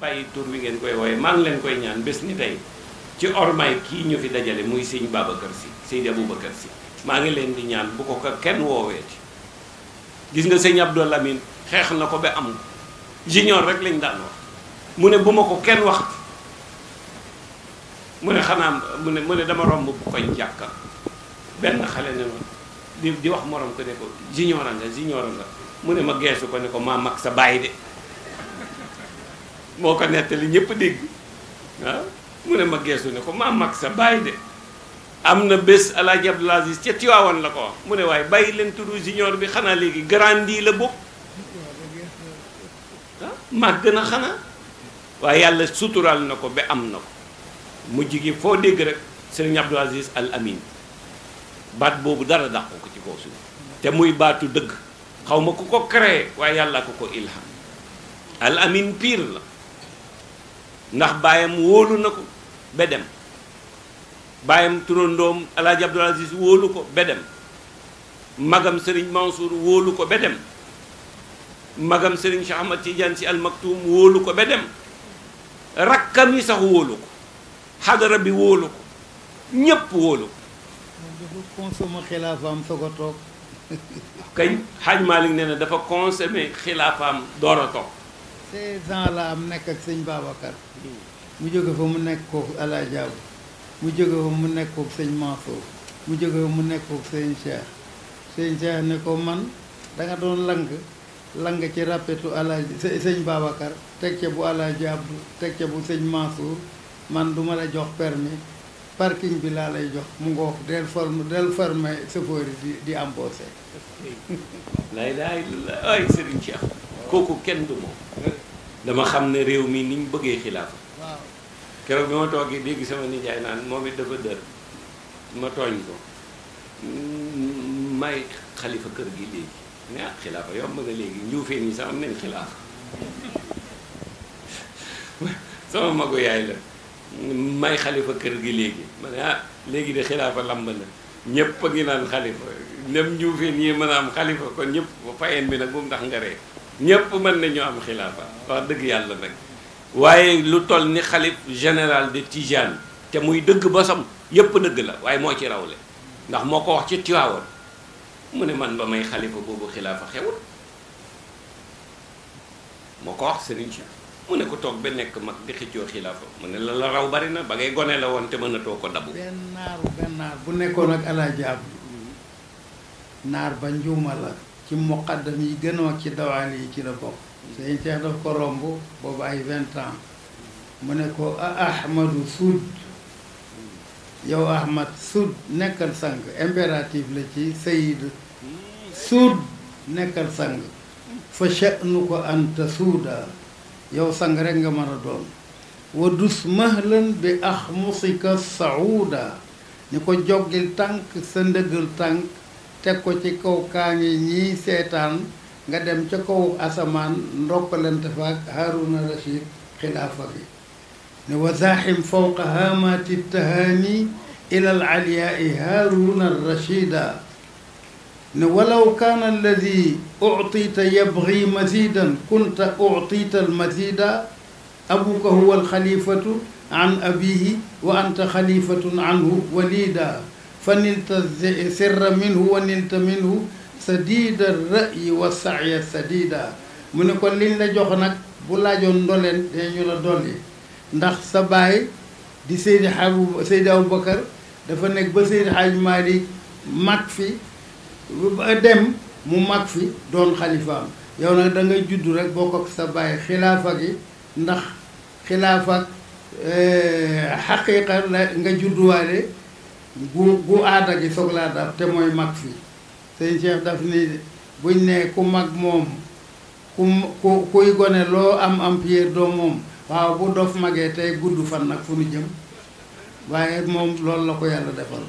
bàyyi tur wi ngeen koy wooye maa ngi leen koy ñaan bés ni tey ci ormay kii ñu fi dajale muy sëñ Babacar si sëñ Aboubacar si maa ngi leen di ñaan bu ko ko kenn wooweeti gis nga sëñ Abdou Lamine xeex na ko ba am junior rek lañ daan wax mu ne bu ma ko kenn wax mu ne xanaa mu ne mu ne dama romb bu koñ jàkka benn xale ne ma di di wax morom ko ne ko junior nga junior nga mu ne ma geesu ko ne ko maa mag sa bàyyi de moo ko nettali ñëpp dégg waaw mu ne ma geesu ne ko maa mag sa bàyyi de am na bés alaaji Abdul Aziz ca Tiwaawan la ko wax mu ne waaye bàyyi leen turu junior bi xanaa léegi grandi la bokk ah màgg na xanaa waaye yàlla suturaal na ko ba am na ko mu gi foo dégg rek sëriñ Abdul Aziz Al Amin baat boobu dara dàqu ko ci kaw suuf te muy baatu dëgg xaw ma ku ko créé waaye yàlla ko ko ilham Al Amin pire la ndax baayam wóolu na ko ba dem baayam turandoom alaaji abdul aziz wóolu ko ba dem magam sëriñ mansour wóolu ko ba dem magam sëriñ Cheikh Ahmad jaan si almaktum wóolu ko be dem rakkam yi sax wóolu ko xadara bi wóolu ko ñépp wóolu ko dafa consommé xilaafaam soog a toog kañ xaaj Malick nee na dafa consommé xilaafaam door a toog ces am nekk ak sëñ Babacar mu jóge fa mu nekk kook Alla Diaw mu jóge fa mu nekk kook sëñ Mansour mu jóge fa mu nekk kook sëñ Cheikh sëñ Cheikh ne ko man da nga doon lang ci ràppetu Alla sëñ bu Alla Diaw teg bu sëñ Mansour man du la jox permis parking bi laa lay jox mu ngoog del del forme chauffeur di di embauché. lay kooku kenn du moom dama xam ne réew mi ni ñu bëggee xilaafa keroog bi ma toogee dégg sama nijaay naan moom it dafa dër ma tooñ ko mm, may xalifa kër gi léegi ne ah xilaafa yomb nga léegi njuufeen yi sax am nañ xilaafa sama magu yaay la may xalifa kër gi léegi ma ne ah léegi de xilaafa lamb na ñépp a ngi naan xalifa nem njuufeen yi mën a am xalifa kon ñëpp fayen bi nag bu mu tax nga ree ñépp mën nañu am xilaafa wax dëgg yàlla nag waaye lu toll ni xalif général de Tijane te muy dëgg bosam yépp dëgg la waaye moo ci raw rawle ndax moo ko wax ci Tiwaawoon mu ne man ba may xalifa boobu xilaafa xewul moo ko wax sëriñ si mu ne ko toog ba nekk mag di xëccoo xilaafa mu ne la la raw bari na ba ngay gone la woon te mën mënatoo ko dabu benn naaru benn bu nekkoon ak alaaji Abdu mm-hmm. naar ba njuuma la ci muqaddam yi gën a mag ci dawaali yi ci la bokk sëñ Cheikh daf ko romb boobu ay vingt ans mu ne ko a ahmadu sud yow ahmad sud nekkal sang impératif la ci sayid sud nekkal sang fa sha'nu ko anta suuda yow sang rekk nga mëna a doon wa dus mahlan bi axmusika sauda ni ko joggil tànk sa ndëggal tànk teg ko ci kaw kaa ngi ñii seetaan nga dem ca kaw asamaan ndokkalante fa ak Haaruna Rachid xilaafa bi ne wa zaaxim fawqa haamaati tahani ila al aliyaai Haaruna Rachida ne walaw kaana alladi uctita yabgi mazidan kunta uctita almazida abuka huwa alxalifatu an abihi wa anta xalifatun anhu walida fa nilta sirra minhu wa nilta minhu sa sadiida ra'yi wa sa diida mu ne ko liñ la jox nag bu laajoon ndoleen te ñu la dolli ndax sa baay di Seydi Abu aw Aboubacar dafa nekk ba Seydi Hadj Malick mag fi ba dem mu mag fi doon xalifaam yow nag da ngay juddu rek bokk ak sa baay xilaafa gi ndax xilaafa eh, xaqiiqa la nga judduwaale gu gu aada gi soog laa dab te mooy mag fi sëñ Cheikh daf ni buñ nee ku mag moom ku ku kuy gone loo am am pierre doo moom waaw bu dof magee tey gudd fan nag fu nu jëm waaye moom loolu la ko yàlla defal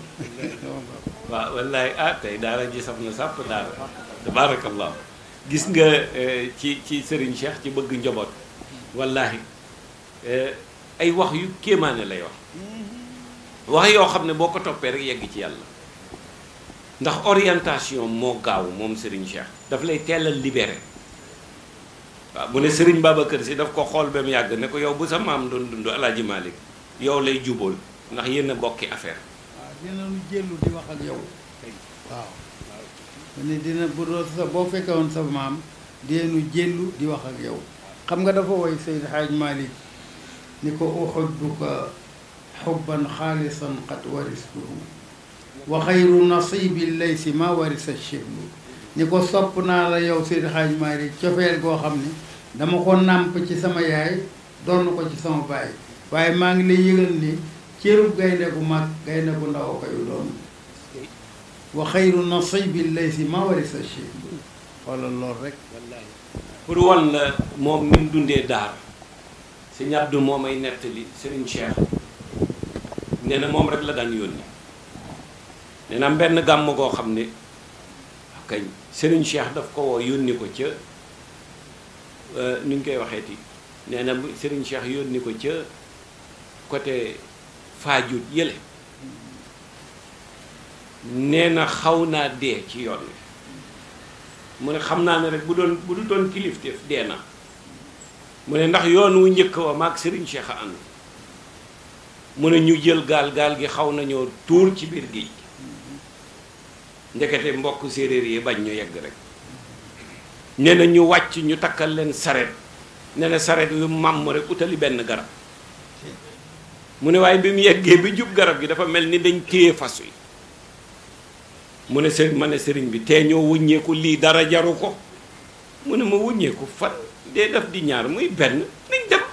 waaw wallaay ah tey daara ji saf na sàpp daara tabaarakallaahu gis nga eh, ci ci Serigne Cheikh ci bëgg njoboot wallaahi eh, ay wax yu kéemaane lay wax mm-hmm. wax yoo xam ne boo ko toppee rek yegg ci yàlla ndax orientation moo gaaw moom Serigne Cheikh daf lay teel a libéré waaw mu ne Serigne Babacar si daf ko xool ba yàgg ne ko yow bu sa maam doon dund yow lay jubóol ndax yéen a bokki affaire. dina di wax ak yow. boo fekkee woon sa maam dina lu jëllu di wax ak yow xam nga dafa woy Seydi Hadj Malick ni ko uhibbuka hubban xaalisan qad waristuhu wa xayru nasibi lay si ma warisa ni ko sopp naa la yow Seydi Hadji Malick cofeel goo xam ne dama ko nàmp ci sama yaay doon ko ci sama baay waaye maa ngi lay yëgal ni cërub gaynde gu mag gaynde bu ndaw a koy doon wa xayru nasibi lay si ma warisa chiblu xoolal loolu rek pour wan la moom ni mu dundee daar si ñàddu moom ay nettali Serigne Cheikh nee na moom rek la daan yónni nee na benn gàmm goo xam ne kañ Serigne Cheikh daf ko woo yónni ko ca euh, nu ñu koy waxeeti nee na Serigne Cheikh yónni ko ca côté Fajut yële nee na xaw naa dee ci yoon wi mu ne xam naa ne rek bu doon bu du doon kilifteef dee na mu ne ndax yoon wu njëkk wa maag Serigne Cheikh a ànd mu ne ñu jël gaal gaal gi xaw nañoo tuur ci biir géej ndekete mbokk séeréer yi bañ ñu yegg rek nee na ñu wàcc ñu takkal leen saret ne na saret yu màmm rek utali benn garab mu ne waaye bi mu yeggee bi jub garab gi dafa mel ni dañ téye fas wi mu ne sëriñ ma ne sëriñ bi tee ñoo wuññeeku lii dara jaru ko mu ne ma wuññeeku fan dee def di ñaar muy benn nañ dem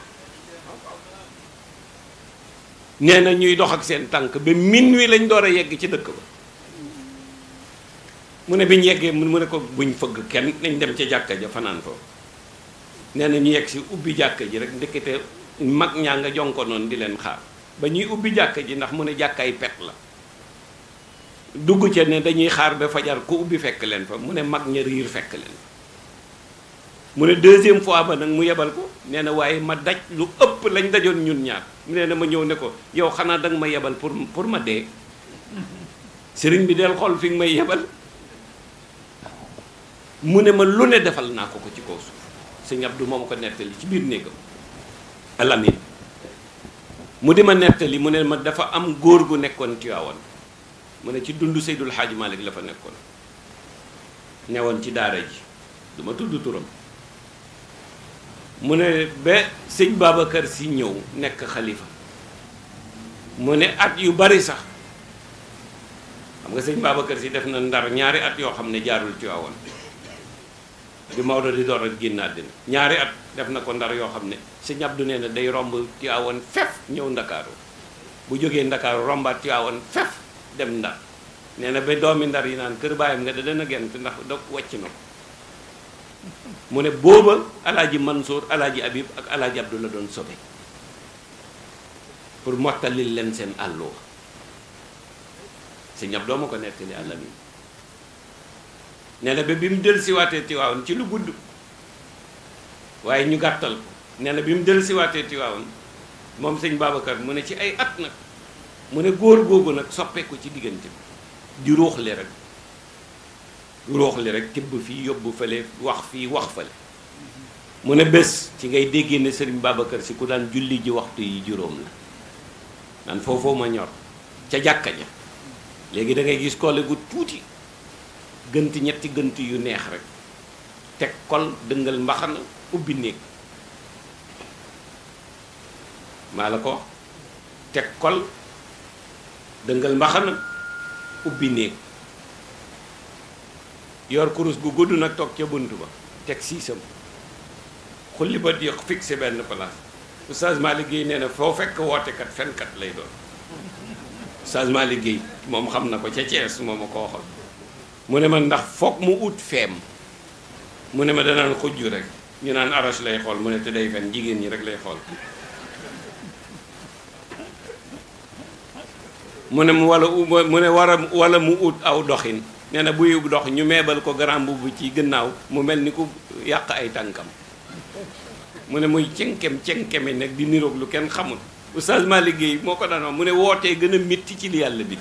nee na ñuy dox ak seen tànk ba min wi lañ door a yegg ci dëkk ba mu ne bi ñu yeggee mu ne ko buñ fëgg kenn nañ dem ca jàkka ja fanaan foofu nee na ñu yegg si ubbi jàkka ji rek ndekete mag ñaa nga jonko noonu di leen xaar ba ñuy ubbi jàkka ji ndax mu ne jàkkaay pet la dugg ca ne dañuy xaar fajar ku ubbi fekk leen fa mu ne mag ña riir fekk mu ne deuxième fois ba nag mu yebal ko nee na waaye ma daj lu ëpp lañ dajoon ñun ñaar nee na ma ñëw ne ko yow xanaa danga ma yebal pour pour ma dee sëriñ bi del xool fi nga may yebal mu ne ma lu ne defal naa ko ko ci kaw suuf sëñ moom ko nettali ci biir néegam Alamine mu di ma nettali mu ne ma dafa am góor gu nekkoon Tiwaawan mu ne ci dund Seydul Xaaji Malik la fa nekkoon newoon ci daara ji du tudd turam mu ne ba sëñ baabakër si ñëw nekk xalifa mu ne at yu bari sax xam nga sëñ Babacar si def na ndar ñaari at yoo xam ne jaarul Tiwaawan bi Maodo di door ak génn àddina ñaari at def na ko ndar yoo xam ne sëñ Abdou nee na day romb Tiwaawan fef ñëw ndakaaru bu jógee ndakaaru rombaat Tiwaawan fef dem ndar nee na ba doomi ndar yi naan kër baayam nga da dana gent ndax da wàcc na ko mu ne booba alaaji Mansour alaaji Habib ak alaaji Abdou la doon sobe pour mottali leen seen àlluwa sëñ Abdou ma ko nekk àll bi nee na ba bi mu dellusiwaatee Tiwaawan ci lu gudd waaye ñu gàttal ko nee na bi mu dellusiwaatee Tiwaawan moom sëñ Babacar mu ne ci ay at nag mu ne góor googu nag soppeeku ci diggante bi di ruuxle rek ruuxle rek tibb fii yóbbu fële wax fii wax fële mu ne bés ci ngay déggee ne sëriñ Babacar si ku daan julli ji waxtu yi juróom la man foofoo ma ñor ca jàkka ja léegi dangay gis koole gu tuuti gënt ñetti gënt yu neex rek teg kol dëngal mbaxan ubbi néeg maa la ko teg kol dëngal mbaxana ubbi néeg yor kurus gu gudd nag toog ca bunt ba teg siisam xulli ba di fixé benn place Oustaz changement liggéey nee na foo fekk wootekat fenkat lay doon Oustaz Malick moom xam na ko ca Thiès moom a ko waxoon mu ne ma ndax foog mu ut feem mu ne ma danaan xujju rek ñu naan arach lay xool mu ne te day fen jigéen ñi rek lay xool mu ne mu wala mu ne war a wala mu ut aw doxin nee na buy dox ñu meebal ko grand mbubb ci gannaaw mu mel ni ku yàq ay tànkam mu ne muy cenkem cenkeme nag di niroog lu kenn xamul bu Malick liggéey moo ko daan wax mu ne wootee gën a métti ci li yàlla bi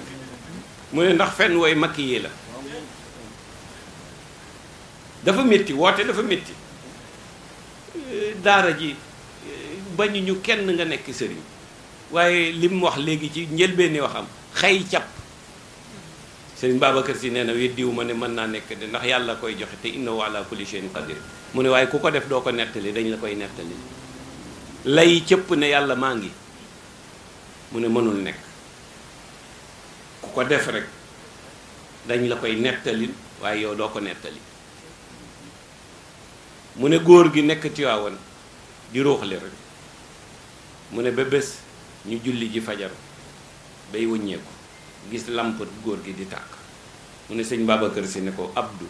mu ne ndax fen wooy makk yi la dafa métti woote dafa métti euh, daara ji euh, bañu ñu kenn nga nekk sëriñ waaye li mu wax léegi ci njëlbeeni waxam xay cap sëriñ Babacar si nee na weddiwu ma ne mën naa nekk de ndax yàlla koy joxe te innahu ala kulli shay'in qadir mu ne waaye ku ko def doo ko nettali dañ la koy nettali lay cëpp ne yàlla maa ngi mu ne mënul nekk ku ko def rek dañ la koy nettali waaye yow doo ko nettali mu ne góor gi nekk Tiwaawan di ruuxle rek mu ne ba bés ñu julli ji fajar bay wëññeeku gis làmp góor gi di tàkk mu ne sëñ kër si ne ko Abdou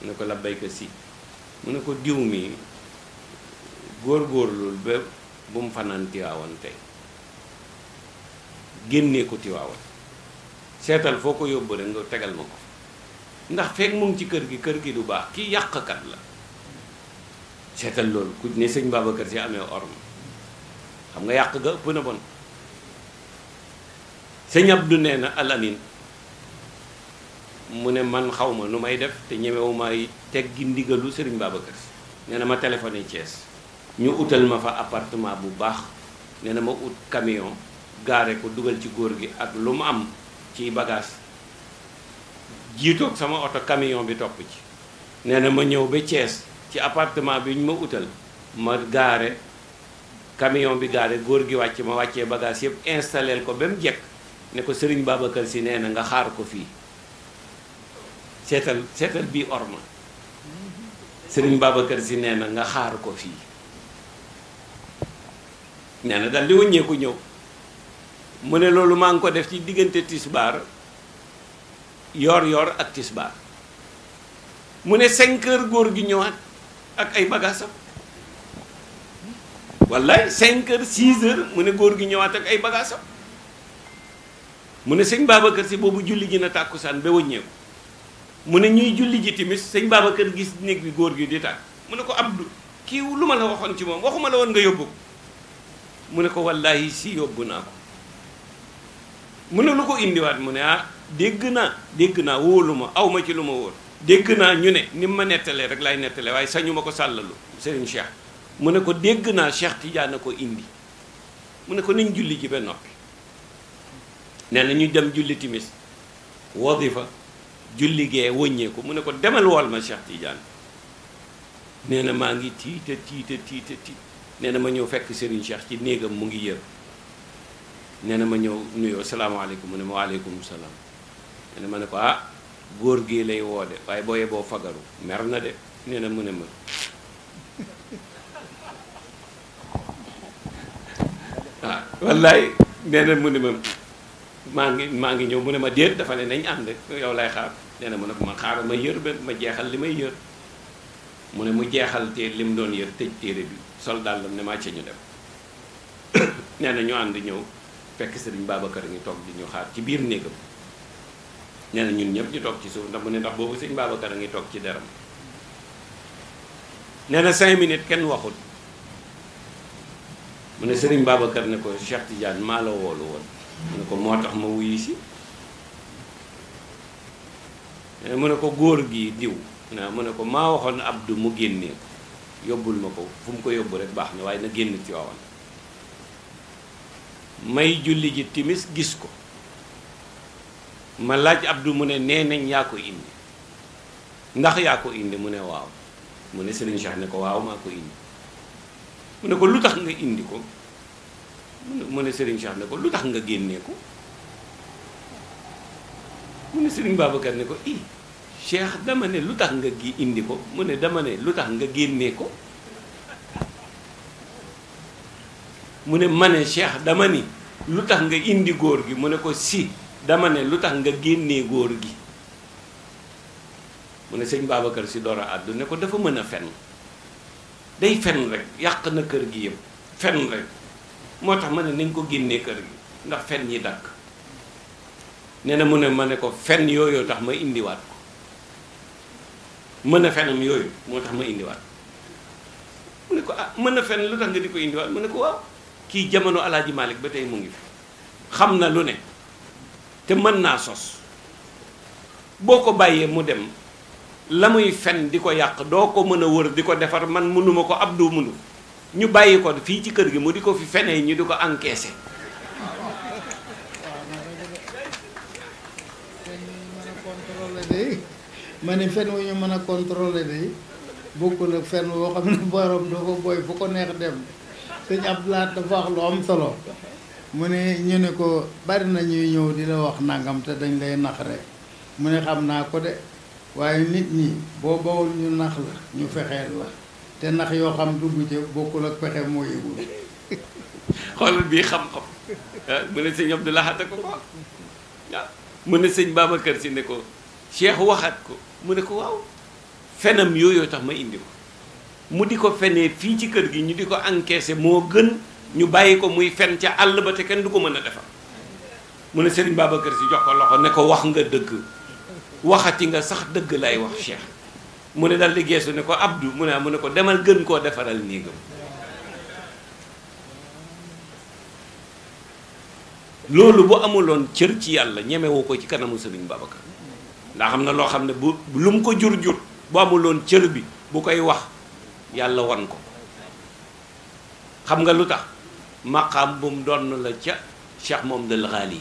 mu ne ko labbayka si mu ne ko diw mi góor-góorlul ba bu fanaan Tiwaawan tey génnee ko Tiwaawan seetal foo ko yóbbu rek nga tegal ma ko ndax fekk mu ci kër gi kër gi du baax kii yàqkat la seetal loolu ku ne sëñ Babacar si amee orma xam nga yàq ga ëpp na bon sëñ Abdou nee na al mu ne man xaw ma nu may def te ñemewuma teg teggi ndigalu sëriñ Babacar si nee na ma téléphoné Thiès ñu utal ma fa appartement bu baax nee na ma ut camion gaare ko dugal ci góor gi ak lu mu am ci bagaas jiitoog sama oto camion bi topp ci neena ma ñëw ba Thiès ci appartement bi ñu ma utal ma gaare camion bi gaare góor gi wàcc ma wàccee bagage yëpp installeel ko ba mu jekk ne ko Serigne Babacar si nee na nga xaar ko fii seetal seetal bii orma Serigne Babacar si nee na nga xaar ko fii nee na dal di wëññeeku ñëw mu ne loolu maa ngi ko def ci diggante tisbaar yor yor ak tisbaar mu ne 5 heures góor gi ñëwaat ak ay bagaasam wallaay cinq heures six heures mu ne góor gi ñëwaat ak ay bagaasam mu ne sëñ Babacar si boobu julli ji na tàkkusaan ba wëññeeku mu ne ñuy julli ji timis sëñ kër gis néeg bi góor gi di tàkk mu ne ko Abdou kii lu ma la waxoon ci moom waxuma la woon nga yóbbu ko mu ne ko wallahi si yóbbu naa ko mu ne lu ko indiwaat mu ne ah dégg naa dégg naa wóolu ma aw ci lu ma wóor dégg naa ñu ne ni ma nettalee rek lay nettalee waaye sañu ma ko sàllalu Serigne Cheikh mu ne ko dégg naa Cheikh Tidiane ko indi mu ne ko nañ julli ji ba noppi nee ñu dem julli timis wadifa julli gee wëññeeku mu ne ko demal wool ma Cheikh Tidiane nee na maa ngi tiita tiita tiita tiit nee na ma ñëw fekk Serigne Cheikh ci néegam mu ngi yër nee na ma ñëw nuyoo salaamaaleykum mu ne ma waaleykum salaam nee na ma ne ko ah góor gii lay woode waaye boo yeboo fagaru mer na de nee na mu ne ma waaw ah, wallaay mu ne ma maa ngi maa ngi ñëw mu ne ma déet dafa ne nañ ànd yow lay xaar nee mu ne ma xaaral ma yër ba ma jeexal li may yër mu ne mu jeexal li mu doon yër tëj téere bi sol dàllam ne maa ca ñu dem nee na ñu ànd ñëw fekk sëriñ Babacar ngi toog di ñu xaar ci biir néegam nee na ñun ñëpp ñu toog ci suuf ndax mu ne ndax boobu sëñ Babacar a ngi toog ci deram nee na cinq minutes kenn waxut mu ne sëriñ Babacar ne ko Cheikh Tidiane maa la woolu woon mu ne ko moo tax ma wuyu si mu ne ko góor gi diw naa mu ne ko maa waxoon Abdou mu génnee ko yóbbul ma ko fu mu ko yóbbu rek baax na waaye na génn ci waawoon may julli ji timis gis ko ma laaj Abdou mu ne nee nañ yaa ko indi ndax yaa ko indi mu ne waaw mu ne Serigne Cheikh ne ko waaw maa ko indi mu ne ko lu tax nga indi ko mu ne Serigne Cheikh ko lu tax nga génnee ko mu ne Serigne Babacar ne dama ne lu tax nga gi indi ko mu ne dama lu tax nga génnee ko mu ne ma ne Cheikh dama ni lu tax nga indi góor gi mu ne ko si dama ne lu tax nga génnee góor gi mu ne sëñ Babacar si door a àddu ne ko dafa mën a fen day fen rek yàq na kër gi yëpp fen rek moo tax ma ne nañ ko génnee kër gi ndax fen yi dakk nee na mu ne ma ne ko fen yooyu tax ma indiwaat ko mën a fenam yooyu moo tax ma indiwaat mu ne ko ah mën a fen lu tax nga di ko indiwaat mu ne ko waaw kii jamono alaaji Malick ba tey mu ngi fi xam na lu ne te mën naa sos boo ko bàyyee mu dem la muy fen di ko yàq doo ko mën a wër di ko defar man mënuma ko ab doo mënu ñu bàyyi ko fii ci kër gi mu di ko fi fenee ñu di ko encaisser ma ne fen wu ñu mën a contrôler de bokkul ak fen woo xam ne borom doo ko booy fu ko neex dem sëñ Abdoulaye dafa wax lu am solo mu ne ñu ne ko bari na ñuy ñëw di la wax nangam te dañ lay nax rek mu ne xam naa ko de waaye nit ñi boo bawul ñu nax la ñu fexee la te nax yoo xam dugg ci bokkul ak pexe moo yëgul xoolal bii xam-xam ah, mu ne sëñ Abdou Lahad ko ko ah, mu Si ne ko Cheikh waxaat ko mu ne ko waaw fenam yooyu tax ma indi ko mu di ko fenee fii ci kër gi ñu di ko encaissé moo gën ñu bàyyi ko muy fen ca àll ba te kenn du ko mën a defar mu ne Serigne Babacar si jox ko loxo ne ko wax nga dëgg waxati nga sax dëgg lay wax Cheikh mu ne dal di geesu ne ko Abdou mu ne mu ne ko demal gën koo defaral néegam loolu bu amuloon cër ci yàlla ñemewu ko ci kanamu Serigne Babacar ndax xam na loo xam ne bu lu mu ko jur jur bu amuloon cër bi bu koy wax yàlla wan ko xam nga lu tax maqaam bu mu donn la ca cheikh Mohammed al Ghali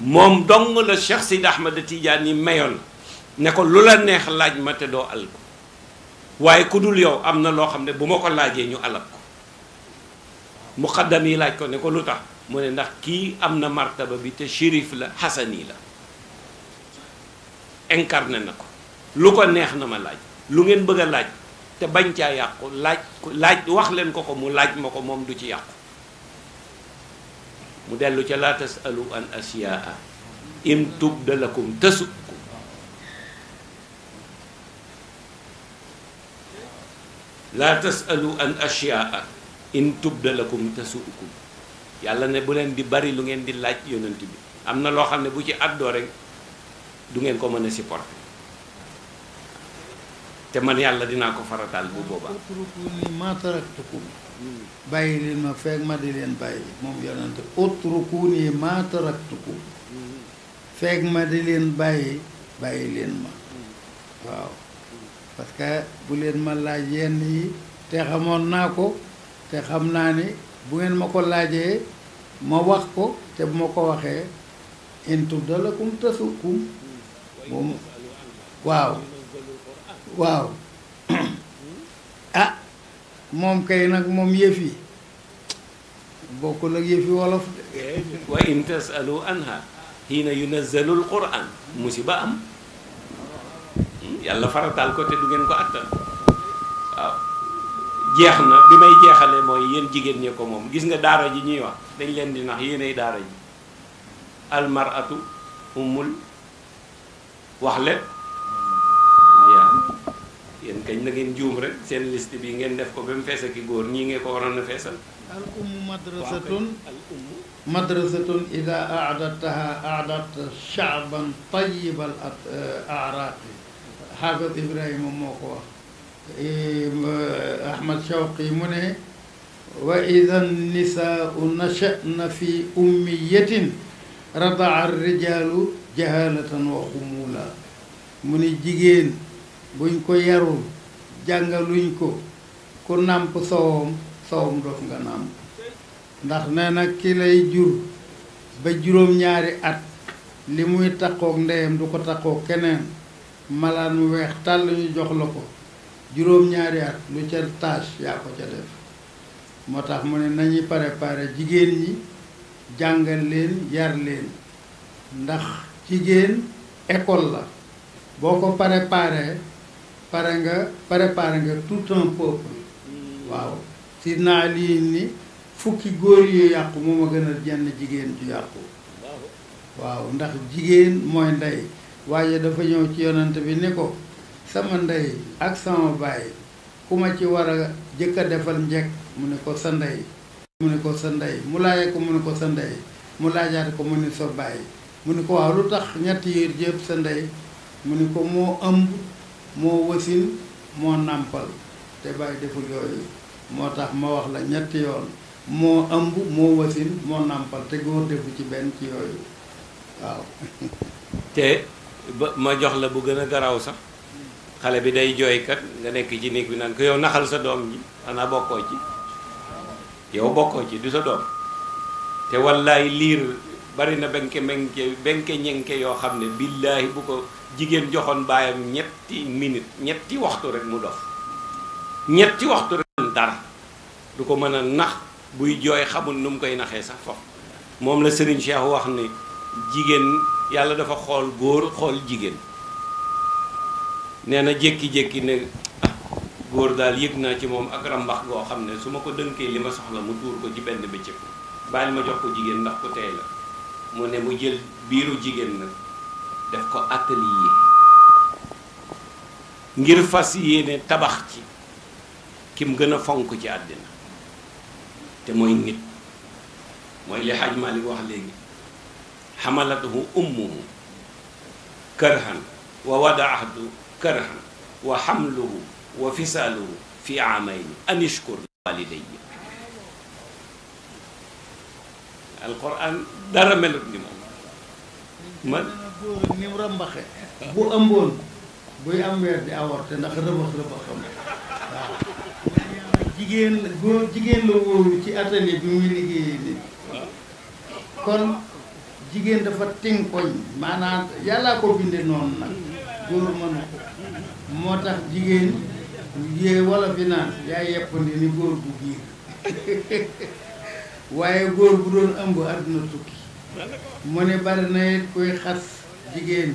moom dong la cheikh ma Ahmed tiijaan yi mayoon ne ko lu la neex laaj ma te doo al ko waaye ku dul yow am na loo xam ne bu ma ko laajee ñu alal ko muqaddam yi laaj ko ne ko lu tax mu ne ndax kii am na martaba bi te shérif la xasani la incarné na ko lu ko neex na ma laaj lu ngeen bëgg a laaj te bañ caa yàqu laaj laaj wax leen ko ko mu laaj ma ko moom du ci yàqu mu dellu ca laatas tasalu an asiyaa im tubda lakum tasukkum laa an asiyaa in tubda lakum tasukkum yàlla ne bu leen di bari lu ngeen di laaj yonent bi am na loo xam ne bu ci àddoo rek du ngeen ko mën a supporter te man yàlla dinaa ko farataal bu boobaa. utrukuuni maa taraktukum bàyyi leen ma feeg ma di leen bàyyi moom yonante utrukuuni maa taraktukum feeg ma di leen bàyyi bàyyi leen ma waaw parce que bu leen ma laaj yenn yi te xamoon naa ko te xam naa ni bu ngeen ma ko laajee ma wax ko te bu ma ko waxee intu tubda lakum tasukum moom waaw waaw ah moom kay nag moom yëf yi bokkul ak yëf yi wolof wa in tasalu anha hiina yunazalu alquran musiba am hmm, yàlla farataal ko te du ngeen ko attan waaw jeex na bi may jeexale mooy yéen jigéen ñi ko moom gis nga daara ji ñuy wax dañ leen di nax yéenay daara ji almaratu umul waxlet yéen kañ la ngeen juum rek seen liste bi ngeen def ko ba mu fees ak i góor ñii ngeen ko waroon a feesal al ummu madrasatun al ummu madrasatun ida aadataha aadata shaaban tayibal eh, araaqi xaafid ibrahima moo ko wax eh, ahmad shawqi mu ne wa ida nisaau nachana fi ummiyatin radaa rijalu jahalatan wa xumuula mu ne jigéen buñ ko yarul jàngaluñ ko ku nàmp sowam sowam dof nga nàmp ndax nee na ki lay jur ba juróom-ñaari at li muy takkook ndeyam du ko takkook keneen malaan mu weex tàll ñu jox la ko juróom-ñaari at lu ca tâche yaa ko ca def moo tax mu ne nañu pare jigéen ñi jàngal leen yar leen ndax jigéen école la boo ko préparé pare nga préparé nga tout un peuple waaw si naa lii ni fukki góor yu yàqu moom a gën a jenn jigéen ju yàqu waaw ndax jigéen mooy ndey waaye dafa ñëw ci yonent bi ni ko sama ndey ak sama baay ku ma ci war a jëkk a defal njëkk mu ne ko sa ndey mu ne ko sa ndey mu laajee ko mu ne ko sa ndey mu laajaat ko mu ne sa baay mu ne ko waaw lu tax ñetti yër yëpp sa ndey mu ne ko moo ëmb moo wasin moo nàmpal te bàyyi deful yooyu moo tax ma wax la ñetti yoon moo ëmb moo wasin moo nàmpal te góor defu ci benn ci yooyu waaw te ba ma jox la bu gën a garaaw sax xale bi day jooykat nga nekk ci néeg bi naan ko yow naxal sa doom ji xanaa bokkoo ci yow bokkoo ci du sa doom te wallaay liir bari na benke benke benke ñenke yoo xam ne billaahi bu ko jigéen joxoon baayam ñetti minute ñetti waxtu rek mu dox ñetti waxtu rek dara du ko mën a nax buy jooy xamul nu mu koy naxee sax foofu moom la Serigne Cheikh wax ne jigéen yàlla dafa xool góor xool jigéen nee na jékki ne ah, góor daal yëg naa ci moom ak rambax goo xam ne su ma ko dënkee li ma soxla mu tuur ko ci benn bëccëg baal ma jox ko jigéen ndax ko tey la mu ne mu jël biiru jigéen nag def ko atelier ngir fas yéene tabax ci kim gën a fonk ci àddina te mooy nit mooy li Xaaj Maalik wax léegi xamalatuhu ummuhu karhan wa wadaahtu karhan wa xamluhu wa fisaaluhu fi aamayn an ishkur walidayya alquran dara melut ni moom man góor ni mu bu ëmboon buy am weer di avorté ndax rëbax rëbaxam waaw jigéen góor jigéen la wóolu ci atelier bi muy liggéeyee nit kon jigéen dafa tinkoñ maanaam yàllaa ko binde noonu nag góor mënu ko moo tax jigéen yee wala naan yaa yepp ni ni góor bu giir waaye góor bu doon ëmb àdduna tukki mu ne bari na it koy xas jigéen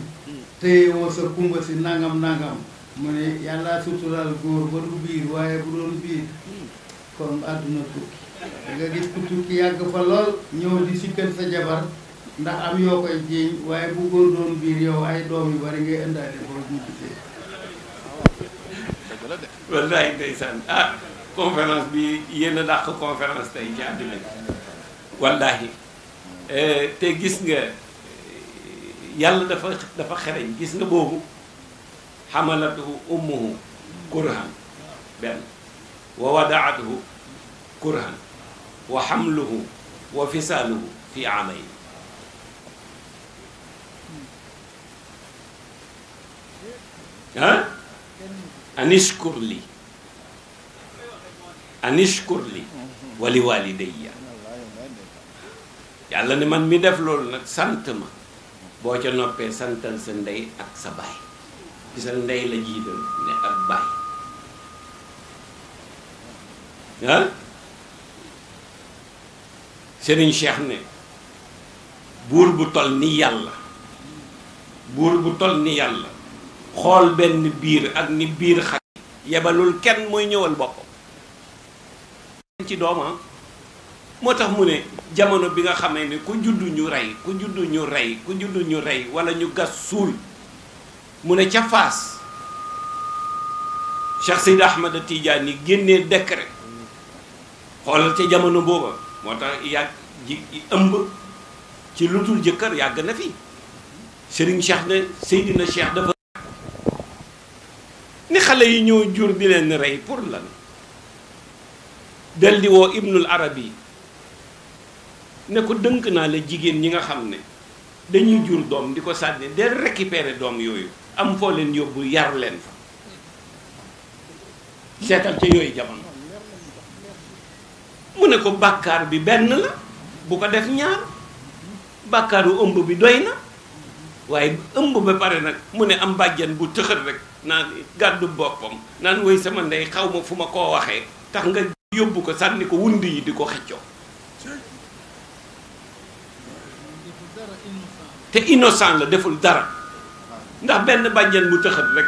téye woo sa kumba si nangam nangam mu ne yàlla suturaal góor ba du biir waaye bu doon biir kon àdduna tukki da gis ku tukki yàgg fa lool ñëw di sikkal sa jabar ndax am yoo koy jiiñ waaye bu góor doon biir yow ay doom yu bari ngay indaale boo ñu gisee wallaay conférence bi yéen a dàq conférence tey ci eh, te gis nga yàlla dafa dafa gis nga boobu xamalatuhu ummuhu kurhan benn wa wadaatuhu kura wa xamluhu wa fisaaluhu fi amayn ah anishkur li anishkur li wali yàlla ne man mi def loolu nag sant ma boo ca noppee santal sa ndey ak sa baay ci sa ndey la jiital ne ak baay ah Serigne Cheikh ne buur bu tol ni yàlla buur bu tol ni yàlla xool benn biir ak ni biir xaj yebalul kenn mooy ñëwal boppam ci doomam moo tax mu ne jamono bi nga xamee ne ku judd ñu rey ku judd ñu rey ku judd ñu rey wala ñu gas suul mu ne ca Faas Cheikh Seydi Ahmad Tidiane génnee décret xoolal ca jamono booba moo tax yàgg ji ëmb ci lutul jëkkër yàgg na fi Serigne Cheikh ne Seydina Cheikh dafa ni xale yi ñoo jur bi leen rey pour la daldi woo arab yi ne ko dënk naa la jigéen ñi nga xam ne dañuy jur doom di ko sànni de récupérer doom yooyu am foo leen yóbbu yar leen fa seetal ca yooyu jamono mu ne ko bàkkaar bi benn la bu ko def ñaar bàkkaaru ëmb bi doy na waaye ëmb ba pare nag mu ne am bàjjan bu tëxër rek naan gàddu boppam naan woy sama ndey xaw ma fu ma koo waxee tax nga yóbbu ko sànni ko wund yi di ko xëccoo te innocent la deful dara ndax benn bàjjan bu tëxat rek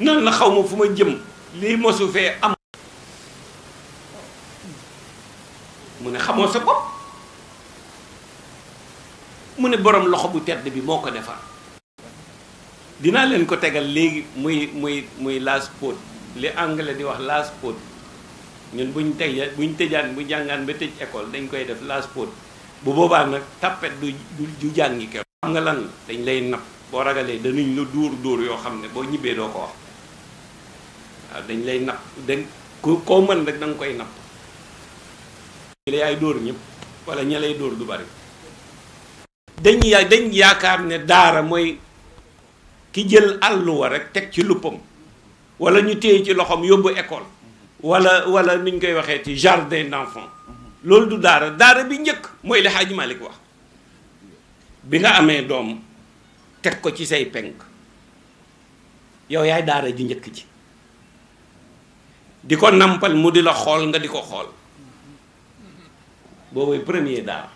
nan la xaw ma fu ma jëm lii mosu fee am mu ne xamoo sa bopp mu ne boroom loxo bu tedd bi moo ko defar dinaa leen ko tegal léegi muy muy muy last pot li anglais di wax last pot ñun buñ tëjee buñ tëjaan bu jàngaan ba tëj école dañ koy def laas bu boobaa nag tappet du du jàngi keroog. nga lan dañ lay napp boo ragalee danañ lu duur dóor yoo xam ne boo ñibbee doo ko wax waaw dañ lay napp dañ koo mën rek danga koy napp. la dóor ñëpp wala ña lay dóor du bari dañ ya yaakaar ne daara mooy ki jël àlluwa rek teg ci luppam wala ñu téye ci loxoom yóbbu école. walla wala nuñ koy waxee ci jardin d'enfants loolu du daara daara bi njëkk mooy li Xaaji Malik wax bi nga amee doom teg ko ci say penk yow yaay daara ji njëkk ci di ko nampal mu di la xool nga di ko xool boobu premier daara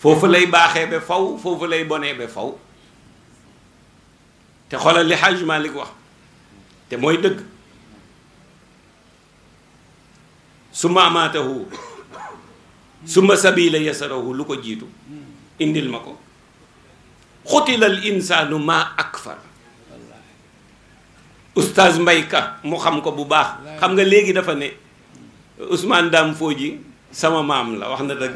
foofu lay baaxee ba faw foofu lay bonee ba faw te xoolal li Xaaji Malik wax te mooy dëgg summa amaatahu summa sabila yasarahu lu ko jiitu indil ma ko xutila al insaanu maa akfar oustaz mbayka mu xam ko bu baax xam nga léegi dafa ne Ousmane Dam Fooji sama maam la wax na dëgg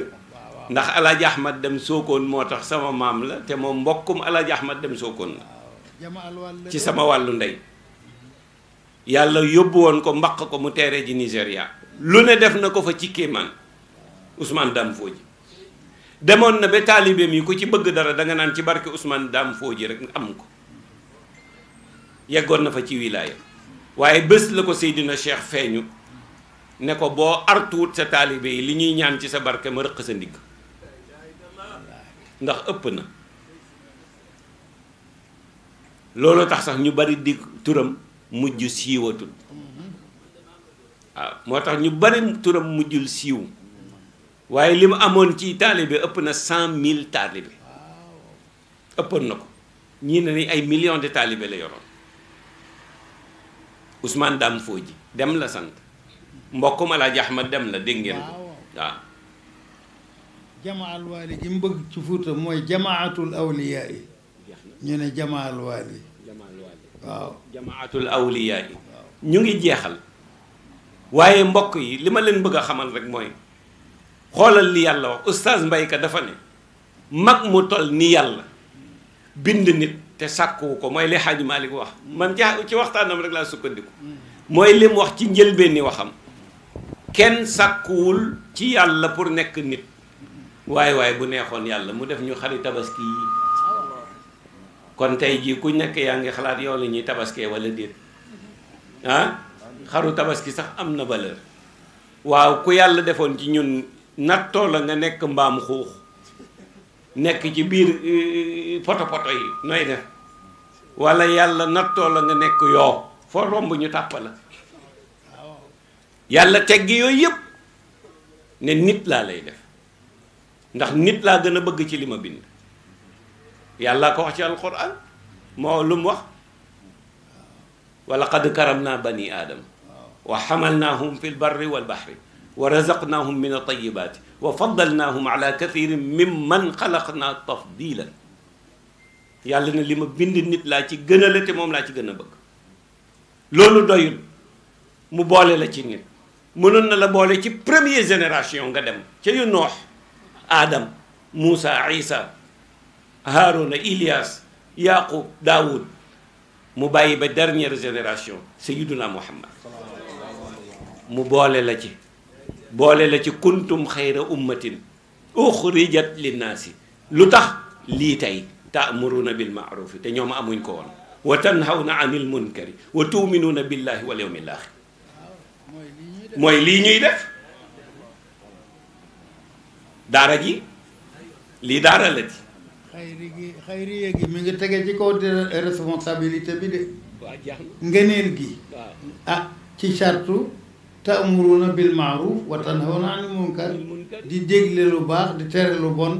ndax Alaaji Ahmad dem Sokone moo tax sama maam la te moom mbokkum Alaaji Ahmad dem Sokone la ci sama wàllu ndey yàlla yóbbu woon ko mbaq ko mu teere ji Nigéria lu ne def na ko fa ci kéemaan Ousmane Dame Fodji demoon na ba taalibeem yi ku ci bëgg dara danga naan ci barke Ousmane Dame Fodji rek am ko yeggoon na fa ci wilaaya waaye bés la ko dina Cheikh feeñu ne ko boo artuwut sa taalibe yi li ñuy ñaan ci sa barke ma rëq sa ndigg ndax ëpp na loolu tax sax ñu bari di turam mujj siiwatul waaw ah, moo tax ñu bari turam mujjul siiw waaye li mu amoon ci taalibe ëpp na cent mille taalibe ëppoon na ko ñii ne ni ay million de taalibe la yoroon Ousmane Dame Fodji dem la sant mbokk mbokkum Alaaji ma dem la dégg ngeen ko waaw jamaal waali gi mu bëgg ci Fuuta mooy jamaatul awliyaa yi ñu ne jamaal waali ñu ngi jeexal waaye mbokk yi li ma leen bëgg a xamal rek mooy xoolal li yàlla wax oustaz Mbaye Ka dafa ne mag mu toll ni yàlla bind nit te sàkkuwu ko mooy li Xaaji Maalik wax man ja ci waxtaanam rek laa sukkandiku mooy lim wax ci njëlbéeni waxam kenn sàkkuwul ci yàlla pour nekk nit waaye waaye bu neexoon yàlla mu def ñu xari tabaski kon tey jii ku nekk yaa ngi xalaat yow la ñuy tabaskee walla déet ah? xaru tabaski sax am na valeur waaw ku yàlla defoon ci ñun nattoo la nga nekk mbaam xuux nekk ci biir euh, euh, potopoto poto yi nooy def wala yàlla nattoo la nga nekk yoo foo romb ñu tàpp yàlla tegg yooyu yëpp ne nit laa lay def ndax nit laa gën a bëgg ci lima ma bind yàlla ko wax ci alquran moo lu mu wax wala qad karam naa bani aadam wa xamalnaahum fi lbarri walbaxri wa razaqnaahum min altayibaati wa faddalnaahum ala kathirin mimman xalaqnaa tafdilan yàlla ne li ma bind nit laa ci gën a la te moom laa ci gën a bëgg loolu doyul mu boole la ci nit mënoon na la boole ci première génération nga dem ca yu noox aadam muusa isa haaruna ilias yaqub daawud mu bàyyi ba dernière génération sayyiduna muhammad mu boole la ci boole la ci kuntum xayra ummatin uxrijat linnaasi lu tax lii tey taamuruuna bil maarufi te ñoom amuñ ko woon wa tanhawna anil munkari wa tuuminuuna billahi wal yawmil axir mooy lii ñuy def daara ji lii daara la ji xayri gi xayri yee gi mi ngi tege ci kaw responsabilité bi de. waaw jeex na ngëneel gi. ah ci chartu ta'muruna bil ma'ruf wa tanhawna 'anil munkar di dégle lu baax di tere lu bon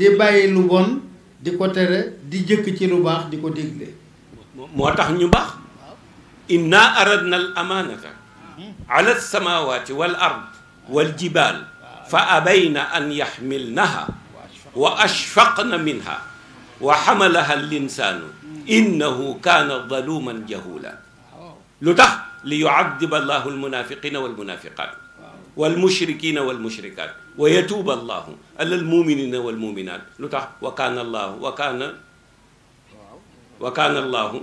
di bàyyi lu bon di ko tere di jëkk ci lu baax di ko dégle moo tax ñu baax inna aradna al amanata ala samawati wal ard wal jibal fa abayna an yaxmilnaha wa ashfaqna minha wa xamalaha al insaanu innahu kaana zaluman jahula lu tax li yuadiba allahu almunafiqina walmunafiqat walmushrikina walmushrikat wa yatuuba allahu ala almuminina walmuminat lu tax wa kaana allahu wa kaana wa kaana allahu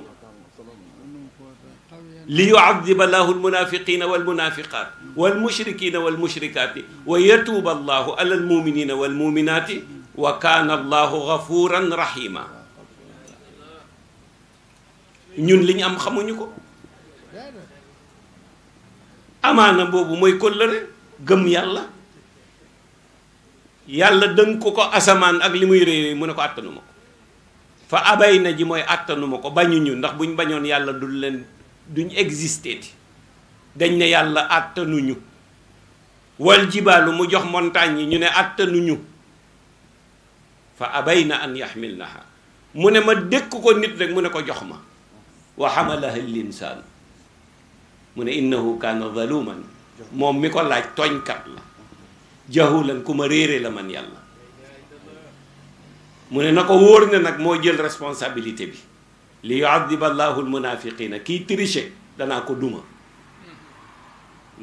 li yuadiba allahu almunafiqina walmunafiqat walmushrikina walmushrikati wa yatuuba allahu ala almuminina walmuminati wa kaana allahu gafuran rahima ñun li ñu am xamuñu ko amaana boobu mooy kóllëre gëm yàlla yàlla dënk ko ko asamaan ak li muy réy mu ne ko àttanuma ko fa abay na ji mooy àttanuma ko bañuñu ndax buñ bañoon yàlla du leen duñ existeeti dañ ne yàlla àttanuñu wal jibaalu mu jox montagne yi ñu ne àttanuñu fa abay na an yaxmil naha mu ne ma dëkk ko nit rek mu ne ko jox ma wa xamalaha l insaanu mu ne innahu kaana zaluman moom ko laaj tooñkat la jahulan ku ma réere la man yàlla mu ne na ko wóor ne nag moo jël responsabilité bi li yuadiba allahu almunafiqina kii triché danaa ko duma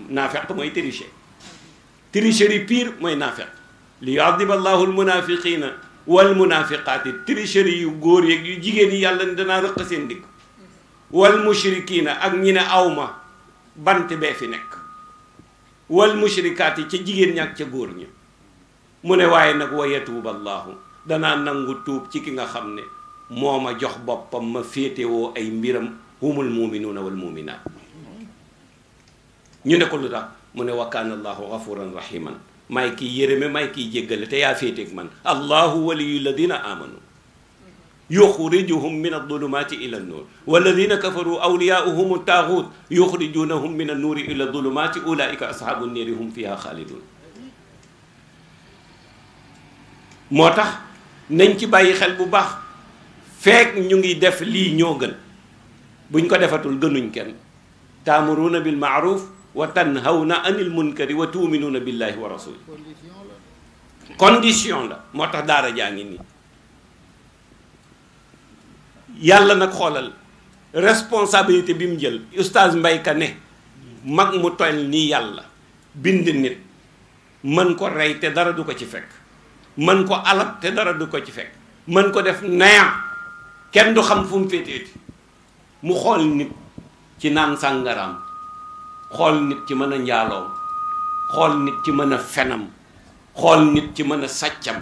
naafeq mooy triché tricherie pire mooy naafeq li yuadiba allahu almunafiqina wal munafiqaati tricherie yu góor ye yu jigéen yi yàlla ne danaa rëq seen digg wal mushrikina ak ñi ne awma bant bee fi nekk wal mushrikaat yi ca jigéen ña ca góor ña mu ne waaye nag wa yatuuba danaa nangu tuub ci ki nga xam ne moo ma jox boppam ma féetewoo ay mbiram humul muminuuna wal muminaat ñu ne ko lu tax mu ne wa kaana allahu gafuran rahiman may kiy yërëme may kiy jéggale te yaa féeteeg man allahu waliyu ladina amanu yuxrijuhum min aldulumaati ila annuur walladina kafaru awliyaauhum altaaxuut yuxrijunahum min annuuri ila aldulumaati ulaika ashaabu nniiri hum fiha xaalidun moo tax nañ ci bàyyi xel bu baax feek ñu ngi def lii ñoo gën buñ ko defatul gënuñ kenn taamuruuna bil maaruf wa tanhawna anil munkari wa tuuminuuna billahi wa rasuli condition la moo tax daara jaa ngi nii yàlla nag xoolal responsabilité bi mu jël oustaz Mbaye Ka ne mag mu toll nii yàlla bind nit mën ko rey te dara du ko ci fekk mën ko alal te dara du ko ci fekk mën ko def nayam kenn du xam fu mu féeteeti mu xool nit ci naan sàngaraam xool nit ci mën a njaaloom xool nit ci mën a fenam xool nit ci mën a sàccam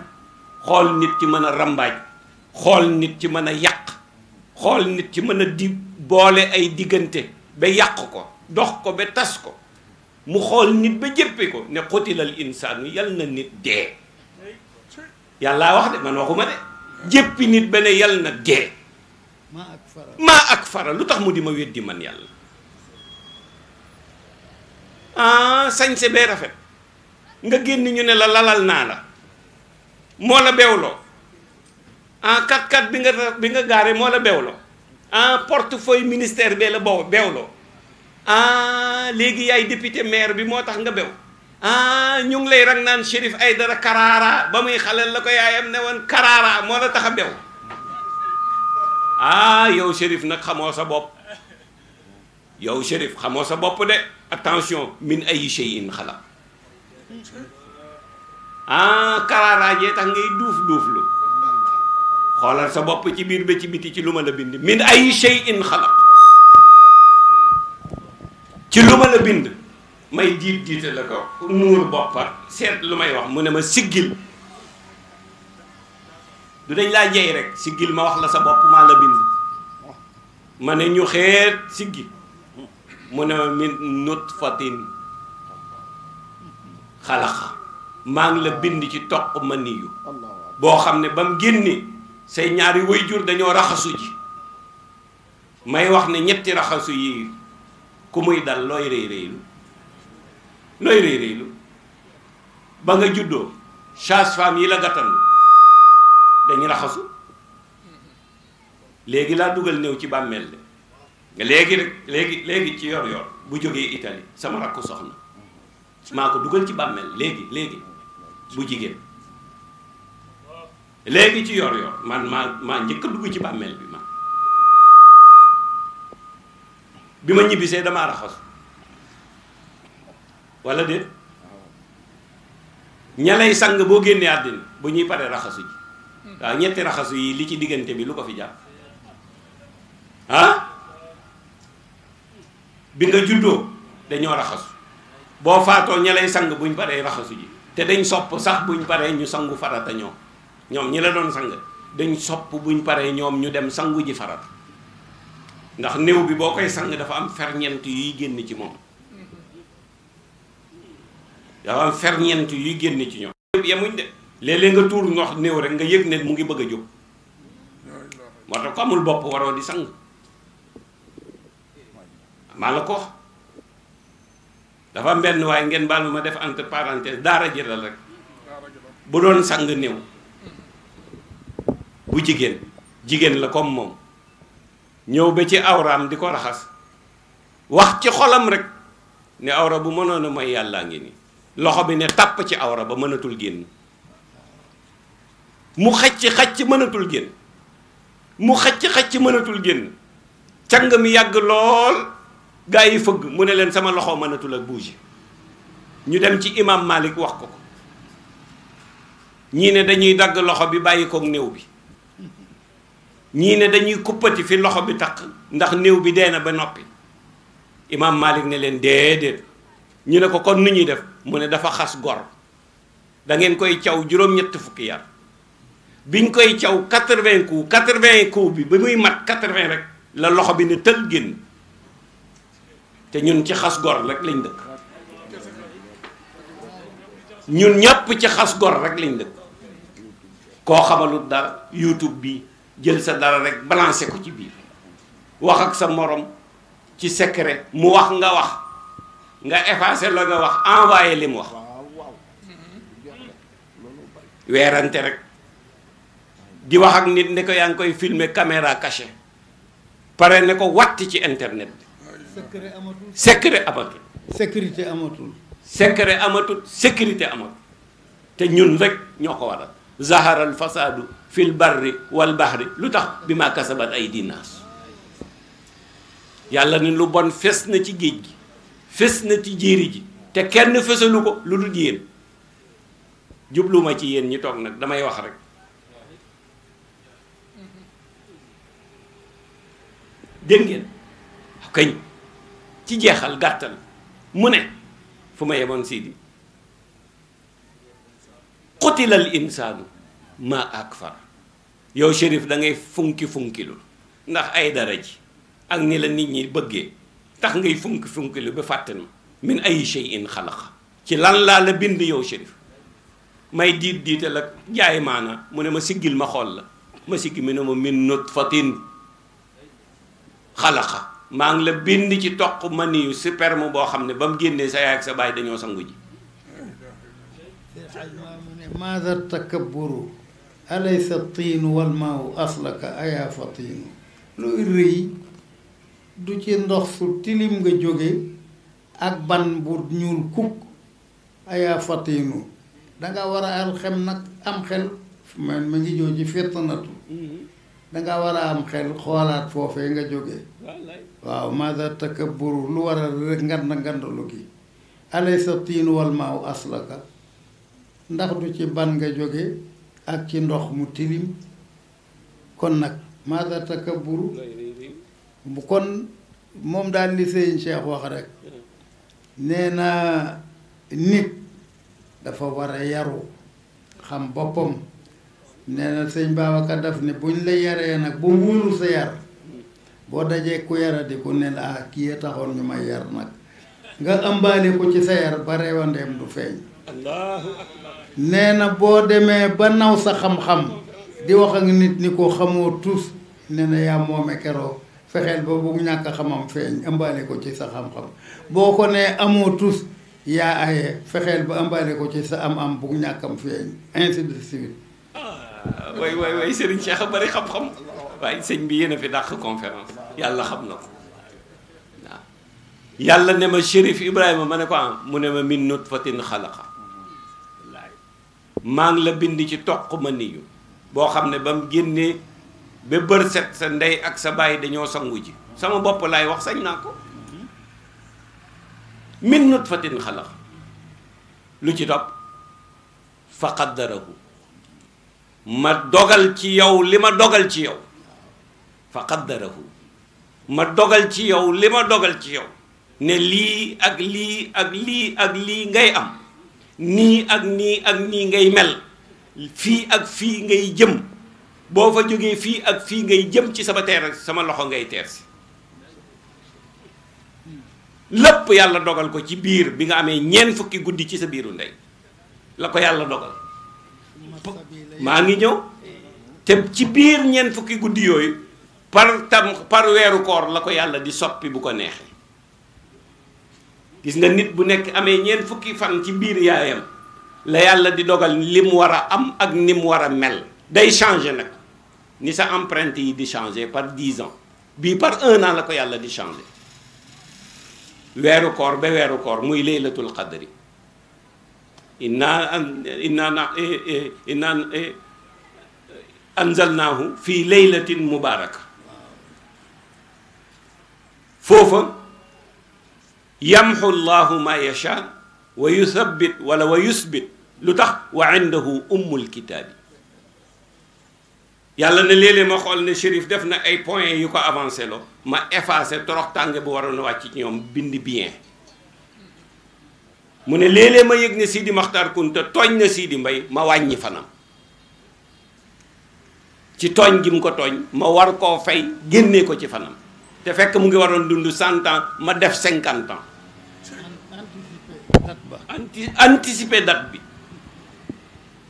xool nit ci mën a rambaaj xool nit ci mën a yàq xool nit ci mën a di boole ay diggante ba yàq ko dox ko ba tas ko mu xool nit ba jëppe ko ne xutilal insaanu yal na nit dee yàllaa wax de man waxuma de jëppi nit ba ne yal na dee maa ak fara lu tax mu di ma weddi man yàlla ah sañse bee rafet nga génn ñu ne la lalal naa la moo la beewloo en 4 x bi nga bi nga gaare moo la bewlo en portefeuille ministère bee la boobu bewloo ah léegi yaay député maire bi moo tax nga bew ah ñu ngi lay rang naan Chérif Aïdara Karara ba muy xaleel la ko yaayam ne woon Karara moo la tax a bew ah yow Chérif nag xamoo sa bopp yow Chérif xamoo sa bopp de attention min ay shay'in xalaq ah Karara jee tax ngay duuf duuflu xoolal sa bopp ci biir ba ci biti ci lu ma la bind min ay shay'in xalaq ci lu ma la bind may diit diite la ko nuur boppa seet lu may wax mu ne ma siggil du dañ laa jey rek siggil ma wax la sa bopp maa la bind ma ne ñu xeet siggi mu ne ma min nutfatin xalaqa maa ngi la bind ci toq ma niyu boo xam ne ba mu génni say ñaari jur dañoo raxasu ji may wax ne ñetti raxasu yi ku muy dal looy rëy rëylu looy rëy rëylu ba nga juddoo sage-femme yi la gàttandu dañu raxasu léegi laa dugal néew ci bàmmeel de léegi rek léegi léegi ci yor yor bu jógee Italie sama rakku soxna maa ko dugal ci bàmmeel léegi léegi bu jigéen léegi ci yor yor man maa maa njëkk dugg ci bàmmeel bi ma bi ñibbisee damaa raxasu wala déet ña lay sang boo génnee àddina bu ñuy paree raxasu ji waaw ñetti raxasu yi li ci diggante bi lu ko fi jàpp ah bi nga juddoo dañoo raxasu boo faatoo ña lay sang buñ paree raxasu ji te dañ sopp sax buñ paree ñu sangu farata ñoo ñoom ñi la doon sang dañ sopp buñ paree ñoom ñu dem sangu ji farat ndax néew bi boo koy sang dafa am ferñeent yuy génn ci moom dafa ferñeent yuy génne ci ñoom yemuñ de léeg nga tuur ndox néew rek nga yëg ne mu ngi bëgg a jóg moo ko amul bopp waroo di sang maa la ko wax dafa benn waaye ngeen baal ma def entre daara ji la rek bu doon sang néew jigéen jigéen la comme moom ñëw ba ci awraam di ko raxas wax ci xolam rek ne awra bu mënoon a mooy yàllaa ngi ni loxo bi ne tàpp ci awra ba mënatul génn mu xacc xacc mënatul génn mu xacc xacc mënatul génn càng mi yàgg lool gaa yi fëgg mu ne leen sama loxo mënatul ak bouge ñu dem ci imam Malik wax ko ko ñii ne dañuy dagg loxo bi bàyyi koog néew bi ñii ne dañuy kuppati fi loxo bi takk ndax néew bi dee na ba noppi imaam Malik ne leen déedéet ñu ne ko kon nu ñuy def mu ne dafa xas gor da ngeen koy caw juróom-ñett fukki yar biñ koy caw quatre-vingts coups quatre-vingts coups bi ba muy mat quatre-vingts rek la loxo bi ne tël génn te ñun ci xas gor rek lañ dëkk ñun ñëpp ci xas gor rek lañ dëkk koo xamalu dara YouTube bi jël sa dara rek balancé ko ci biir wax ak sa morom ci secret mu wax nga wax nga effacé la nga wax envoyé li wax weerante rek di wax ak nit ne ko yaa ngi koy filmer caméra cachée pare ne ko watti ci internet bi. secret amatul secret amatul. sécurité amatul. secret amatul sécurité amatul te ñun rek ñoo ko waral. zahara al fasadu fil barri wal bahri lu tax bi ma kasabat ay dinaas yàlla ne lu bon fes na ci géej gi fes na ci jéeri ji te kenn fesalu ko lu dul yéen jubluma ci yéen ñi toog nag damay wax rek dégg ngeen kañ ci jeexal gàttal mu ne fu ma yemoon sii xutilal insaanu maa akfar yow shérif da ngay funki funkilu ndax ay dara ji ak ni la nit ñi bëggee tax ngay funki funkilu ba fàtte na min ay shay'in xalaqa ci lan laa la bind yow shérif may diit diite la jaay maana mu ne ma siggil ma xool la ma siggi mu ne ma min nutfatin xalaqa maa ngi la bind ci toq ma niyu sperme boo xam ne ba mu génnee sa yaay ak sa baay dañoo sangu maada takabburu alaysa tiinu wal maawu aslaka ayaa fa tiinu luy rëy du ci ndox su tilim nga jóge ak ban bu ñuul kukk ayaa fa danga war a am nag am xel man ma ngi jóg ci fitnatu danga war a am xel xoolaat foofee nga jóge waaw maada takabburu lu war a rek ngand ngandalu gi alaysa tiinu wal maawu aslaka ndax du ci ban nga jóge ak ci ndox mu tilim kon nag maasa takabburu bu kon moom daal di sëñ Cheikh wax rek nee na nit dafa war a yaru xam boppam nee na sëñ Babacar daf ne buñ la yaree nag bu wóolu sa yar boo dajee ku yara di ku ne la ah, kii ya taxoon ñu ma yar nag nga ëmbaale ko ci sa yar ba reewandeem du feeñ nee na boo demee ba naw sa xam-xam di wax ak nit ni ko xamoo tus nee na yaa moome keroo fexeel ba bu ñàkk xamam feeñ ëmbaale ko ci sa xam-xam boo ko nee amoo tus yaa aye fexeel ba ëmbaale ko ci sa am-am bu ñàkkam feeñ ainsi de suite. Ah, way way way Serigne Cheikh a bari xam-xam waaye sëñ bi yéen a fi dàq conférence yàlla xam na ko waaw yàlla ne ma Chérif Ibrahima ma ne ko ah mu ne ma min nutfatin xalaqa maa ngi la bind ci toq ma niyu boo xam ne ba mu génnee ba bër set sa ndey ak sa bàyyi dañoo sangu ji sama bopp laay wax sañ naa ko min nutfatin xalax lu ci topp fa qaddarahu ma dogal ci yow li dogal ci yow fa qaddarahu ma dogal ci yow li ma dogal ci yow ne lii ak lii ak lii ak lii ngay am nii ak nii ak nii ngay mel fii ak fii ngay jëm boo fa jógee fii ak fii ngay jëm ci sama teer sama loxo ngay teer si lépp yàlla dogal ko ci biir bi nga amee ñeent fukki guddi ci sa biiru ndey la ko yàlla dogal maa ngi ñëw te ci biir ñeent fukki guddi yooyu par tam par weeru koor la ko yàlla di soppi bu ko neexee gis nga nit bu nekk amee ñeent fukki fan ci biir yaayam la yàlla di dogal li mu war a am ak ni mu war a mel day changer nag ni sa empreinte yi di changer par dix ans bii par un naa la ko yàlla di changer weeru koor ba weeru koor muy laylatul qadri inna inna na eh, eh, inna eh, anzalnaahu fii laylatin mubaraka foofa yamxu llahu ma yacha wa yuthabbit wala wa yusbit lu tax wa indahu ummul kitaabi yàlla na léeg-léeg ma xool ne shérif def na ay point yu ko avancé lo ma effacé torox tànge bu waroon a wàcc ci ñoom bind bien mu ne léeg-léeg ma yëg ne di Maxtar Kunta tooñ na Sidi Mbay ma wàññi fanam ci tooñ gi mu ko tooñ ma war koo fay génnee ko ci fanam te fekk mu ngi waroon dund santa ma def cinquante ans anti anticiper date bi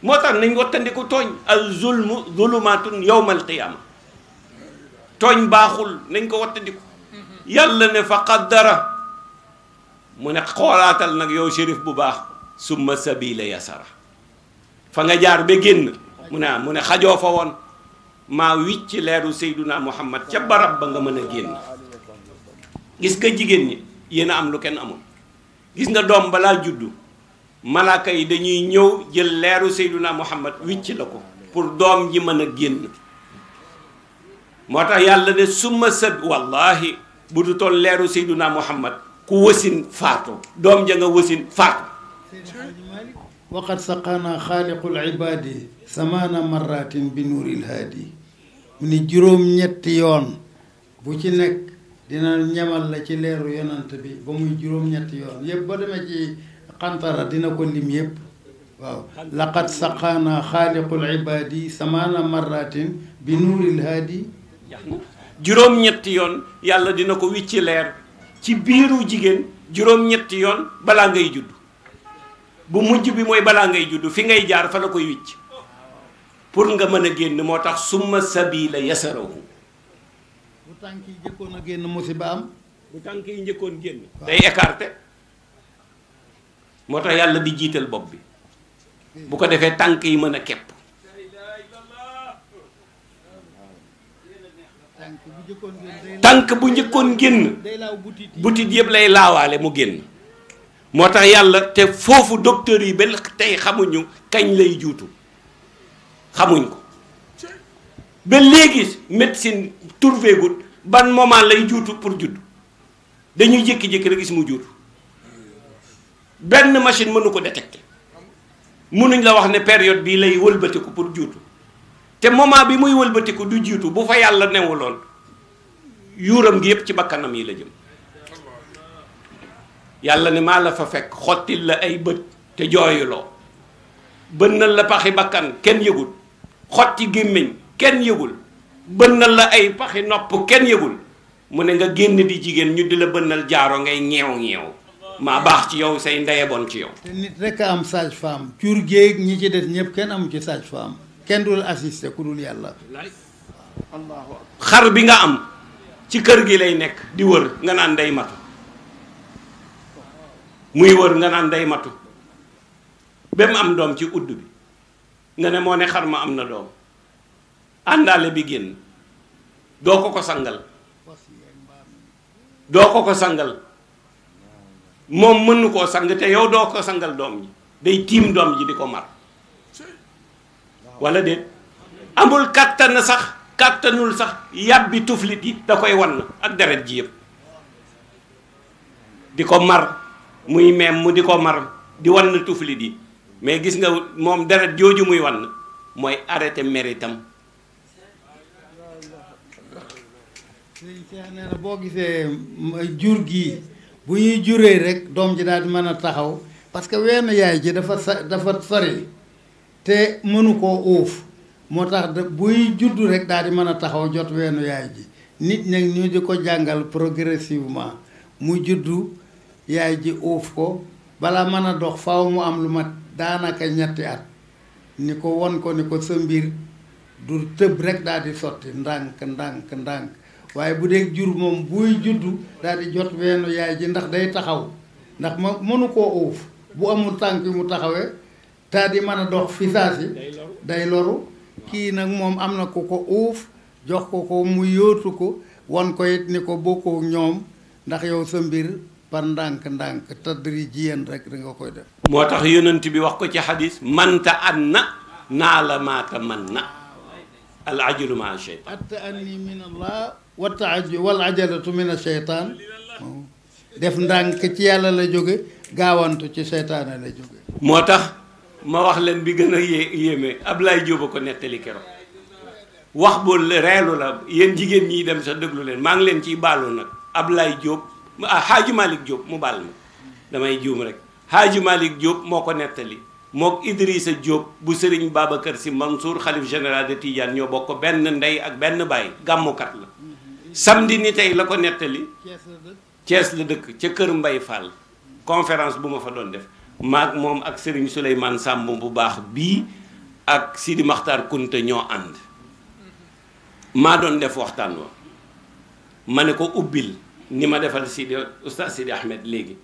moo tax nañ wattandiku tooñ al zulmu zulumaatun yawmal qiyaama tooñ baaxul nañ ko wattandiku yàlla ne fa qaddara mu ne xoolaatal nag yow shérif bu baax summa sabila yasara fa nga jaar ba génn mu ne mu ne xajoo fa woon maa wicc leeru Seyduna Muhammad ca barab ba nga mën a génn gis nga jigéen ñi yéen a am lu kenn amul gis nga doom balaa juddu malaaka yi dañuy ñëw jël leeru Seyduna Muhammad wicc la ko pour doom ji mën a génn moo tax yàlla ne summa sëb wallahi bu du toon leeru Seyduna Muhammad ku wasin faatu doom ja nga wasin faatu waqad saqaana xaaliqul ibaadi samaana marratin bi nuuril haadi mu ni juróom-ñetti yoon bu ci nekk dina ñamal la ci leeru yonant bi ba muy juróom-ñetti yoon yëpp ba demee ci xantara dina ko lim yëpp waaw laqad saqaana xaaliqul ibaadi samaana marratin bi nuuril haadi juróom-ñetti yoon yàlla dina ko wicci leer ci biiru jigéen juróom-ñetti yoon balaa ngay judd bu mujj bi mooy balaa ngay juddu fi ngay jaar fa la koy wicc pour nga mën a génn moo tax summa sabila yasarahu bu tànk yi a génn musiba am bu njëkkoon génn day écarté moo tax yàlla di jiital bopp bi bu ko defee tànk yi mën a kepp tànk bu njëkkoon génn butit yëpp lay laawaale mu génn moo tax yàlla te foofu docteur yi ba tey xamuñu kañ lay juutu xamuñ ko ba léegi médecine trouvé gul ban moment lay juutu pour juddu dañuy jékki-jékki rek gis mu juutu benn machine mënu ko détecté mënuñ la wax ne période bii lay wëlbatiku pour juutu te moment bi muy wëlbatiku du juutu bu fa yàlla lool yuuram gi yëpp ci bakkanam yi la jëm yàlla ne maa la fa fekk xottil la ay bët te jooyuloo bënnal la paxi bakkan kenn yëgut xotti gémmiñ kenn yëgul bënnal la ay paxi nopp kenn yëgul mu ne nga génn di jigéen ñu di la bënnal jaaro ngay ñeew ñeew maa baax ci yow say ndeye ci yow. te nit rek am sage femme jur géeg ñi ci des ñëpp kenn amu ci sage femme kenn dul assisté ku dul yàlla. xar bi nga am ci kër gi lay nekk di wër nga naan day matu muy wër nga naan day matu ba am doom ci udd bi nga ne moo ne xar ma am na doom àndaale bi génn doo ko ko sangal doo ko ko sangal moom mënu koo sang te yow doo ko sangal doom ji day tiim doom ji di ko mar wala déet amul kàttan sax kàttanul sax yàbbi tuflit yi da koy wan ak deret ji di ko mar muy meem mu di ko mar di wan tuflit yi mais gis nga moom dara jooju muy wan mooy arrêté méritam sëñ Cheikh nee na boo gisee jur gi bu ñuy juree rek doom ji daal di mën a taxaw parce que wenn yaay ji dafa dafa sori te mënu koo uuf moo tax da buy juddu rek daal di mën a taxaw jot weenu yaay ji nit nag ñu di ko jàngal progressivement mu juddu yaay ji uuf ko balaa mën a dox faw mu am lu mat daanaka ñetti at ni ko won ko ni ko sa mbir du tëb rek daal di sotti ndànk ndànk ndànk waaye bu dee jur moom buy juddu daal di jot weenu yaay ji ndax day taxaw ndax ma mënu koo uuf bu amul tànk yu mu taxawee daal di mën a dox fi saa day loru kii nag moom am na ku ko uuf jox ko ko mu yóotu ko won ko it ni ko bokkoo ñoom ndax yow sa mbir par ndànk-ndànk tadri jiyan rek da nga koy def moo tax yonent bi wax ko ci xadis manta an na naa la maata man na al ajalu ma cheytan atta ani min wa taaj wal ajalatu def ndànk ci yàlla la jóge gaawantu ci seytaane la jóge moo tax ma wax leen bi gën a yé yéeme Ablaye Diop a ko nettali keroog wax bu reelu la yéen jigéen ñi dem sa déglu leen maa ngi leen ciy baalu nag ab Ablaye jóob ah Xaaji Malick Diop mu baal ma damay juum rek Xaaji Malick Diop moo ko nettali mook Idrissa Diop bu Serigne Babacar Sy Mansour xalif général de tiijaan ñoo bokk benn ndey ak benn baay gàmmukat la samedi ni tey la ko nettali Thiès la dëkk ca kër Mbay Fall conférence bu ma fa doon def maag moom ak Serigne Souleymane sàmm bu baax bii ak Sidi Makhtar Kunta ñoo ànd maa doon def waxtaan wa ma ne ko ubbil ni ma defal Sidi oustaz Sidi Ahmed léegi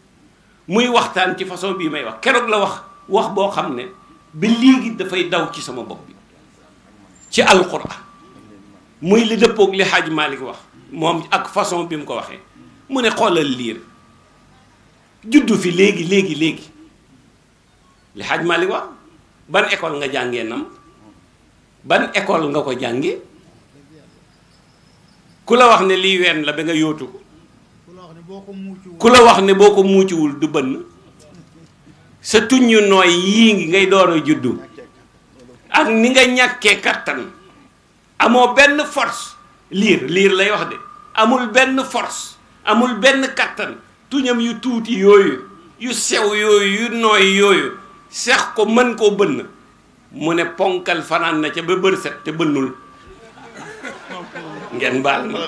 muy waxtaan ci façon bi may wax keroog la wax wax boo xam ne bi léegi dafay daw ci sama bopp bi ci alquran muy li dëppoog li xaaj Malick wax moom ak façon bi mu ko waxee mu ne xoolal liir juddu fi léegi léegi léegi li xaaj Malick wax ban école nga jàngee nam ban école nga ko jàngee ku la wax ne lii ween la ba nga yootu ku la wax ne boo ko muucuwul du bënn sa tuññu nooy yii ngay door juddu ak ni nga ñàkkee kattan amoo benn force liir liir lay wax de amul benn force amul benn kattan tuñam yu tuuti yooyu yu sew yooyu yu nooy yooyu seex ko mën koo bënn mu ne ponkal fanaan na ca ba bër set te bënnul ngeen baal ma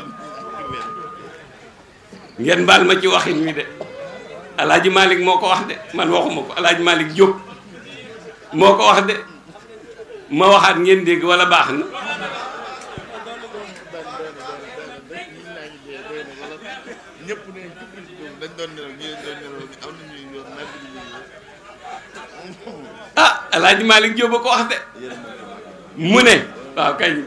ngeen baal ma ci waxin wi de alaaji Malick moo ko wax de man waxuma ko alaaji ko wax ma waxaat ngeen dégg walla baax na ah alaaji Malick Diop a ko wax de mu ne waaw kañ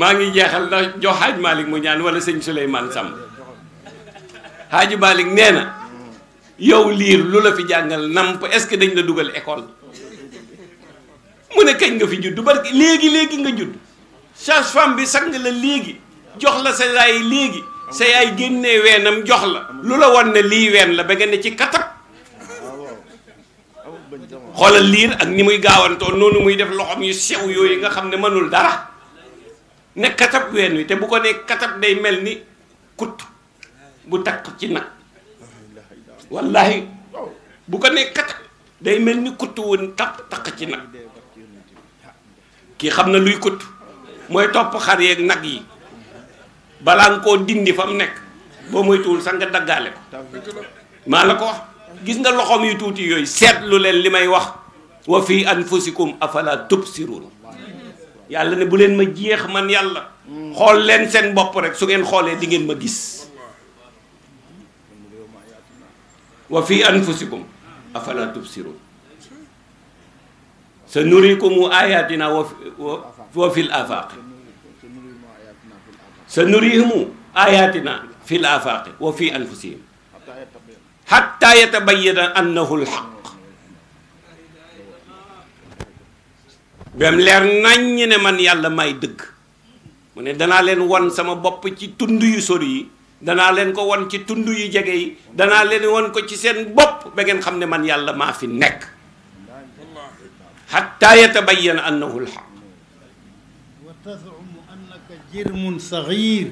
maa ngi jeexal ndax jox xaaj Malick mu ñaan wala sëñ Souleymane Samb Hadji Malick nee yow liir lu la fi jàngal namp est-ce que dañ la dugal école mu ne kañ nga fi judd barki léegi léegi nga judd sage-femme bi sang la léegi jox la sa yaay léegi sa yaay génnee weenam jox la lu la wan ne lii ween la ba nga ne ci katab xoolal liir ak ni muy gaawantoo noonu muy def loxoom yu sew yooyu nga xam ne mënul dara ne katab ween wi te bu ko nee katab day mel ni kut bu takk ci nag wallahi bu ko nee kat day mel ni kutt woon tàpp takk ci nag kii xam na luy kutt mooy topp xar yeeg nag yi balaa nga koo dindi fa mu nekk boo moytuwul sax nga daggaale ko maa la ko wax gis nga loxoom yu tuuti yooyu seetlu leen li may wax wa fi anfusikum afala tubsirun yàlla ne bu leen ma jeex man yàlla xool leen seen bopp rek su ngeen xoolee di ngeen ma gis wa fi anfusikum afala tubsirun sa nurikumu ayatina wa fil afaqi sa nurihimu ayatina fil afaqi wa fi anfusihim hatta yatabayyana annahu alhaq nañ ne man yàlla may dëgg mu ne danaa leen won sama bopp ci tund yu sori yi danaa leen ko won ci tund yu jege yi danaa leen won ko ci seen bopp ba ngeen xam ne man yàlla maa fi nekk xatta yatabayyana annahu alxaq wa tazumu annaka jirmun saxiir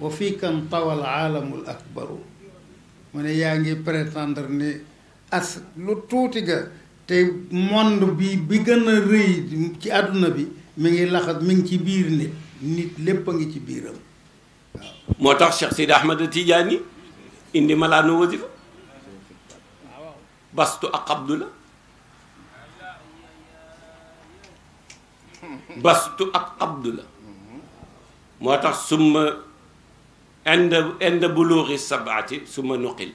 wa fika ntawa alaalamu alakbaru mu ne yaa ngi prétendre ne as lu tuuti ga te monde bi bi gën a rëy ci àdduna bi mu ngi laxas mi ngi ci biir nit nit lépp a ngi ci biiram moo tax Cheikh Sidi Ahmed yi indi malaanu wasifa bastu ak xabdu la bastu ak xabdu la moo tax summa inda inda buluuxi sabaati suma nuqil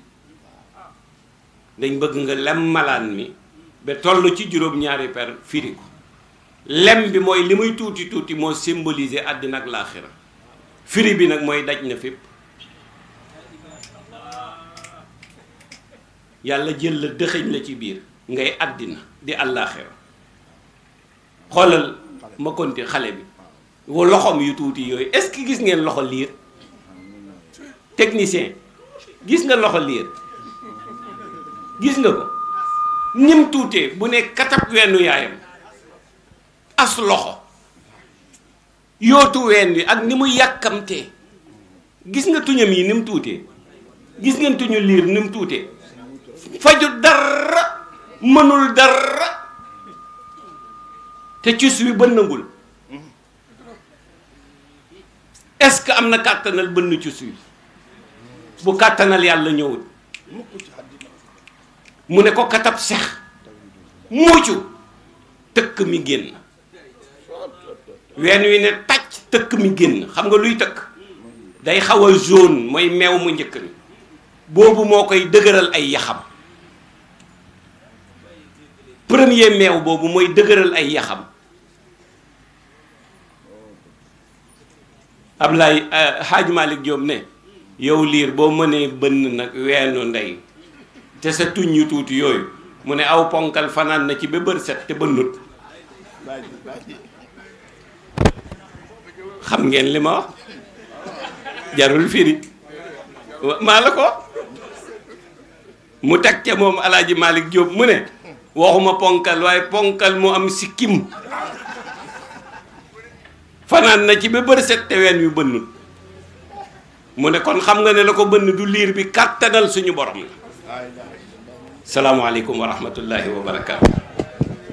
dañ bëgg nga lem malaan mi ba toll ci juróom-ñaari per firi lem bi mooy li muy tuuti tuuti moo symboliser àddina ak laaxira firi bi nag mooy daj na fépp yàlla jël la dëxëñ la ci biir ngay àddina di àllaaxira xoolal ma konti xale bi wa loxoom yu tuuti yooyu est-ce gis ngeen loxo liir technicien gis nga loxo liir gis nga ko nim tuutee bu ne katab weenu yaayam as loxo yootu ween wi ak ni mu yàkkamtee gis nga tuñam yi ni mu tuutee gis ngeen tuñu liir ni mu tuutee faju dara mënul dara te cus wi bënnagul est-ce que am na kàttanal bënn cus wi bu kàttanal yàlla ñëwul mu ne ko katab sex muucu tëkk mi génn ween wi ne tàcc tëkk mi génn xam nga luy tëkk day xaw a jaune mooy meew mu njëkk boobu moo koy dëgëral ay yaxam premier meew boobu mooy dëgëral ay yaxam Ablaye euh, Hadj Malick Diop ne yow liir boo mënee bënn nag weenu ndey te sa tuñ yu tuuti yooyu mu ne aw ponkal fanaan na ci ba bër set te bënnut xam ngeen li ma wax jarul firi maa la ko mu teg ca moom alaaji Malick Diop mu ne waxuma ponkal waaye ponkal mu am sikkim fanaan na ci ba bër te ween yu bënnul mu ne kon xam nga ne la ko bënn du liir bi kàttanal suñu borom la salaamaaleykum wa rahmatullahi wa barakaatu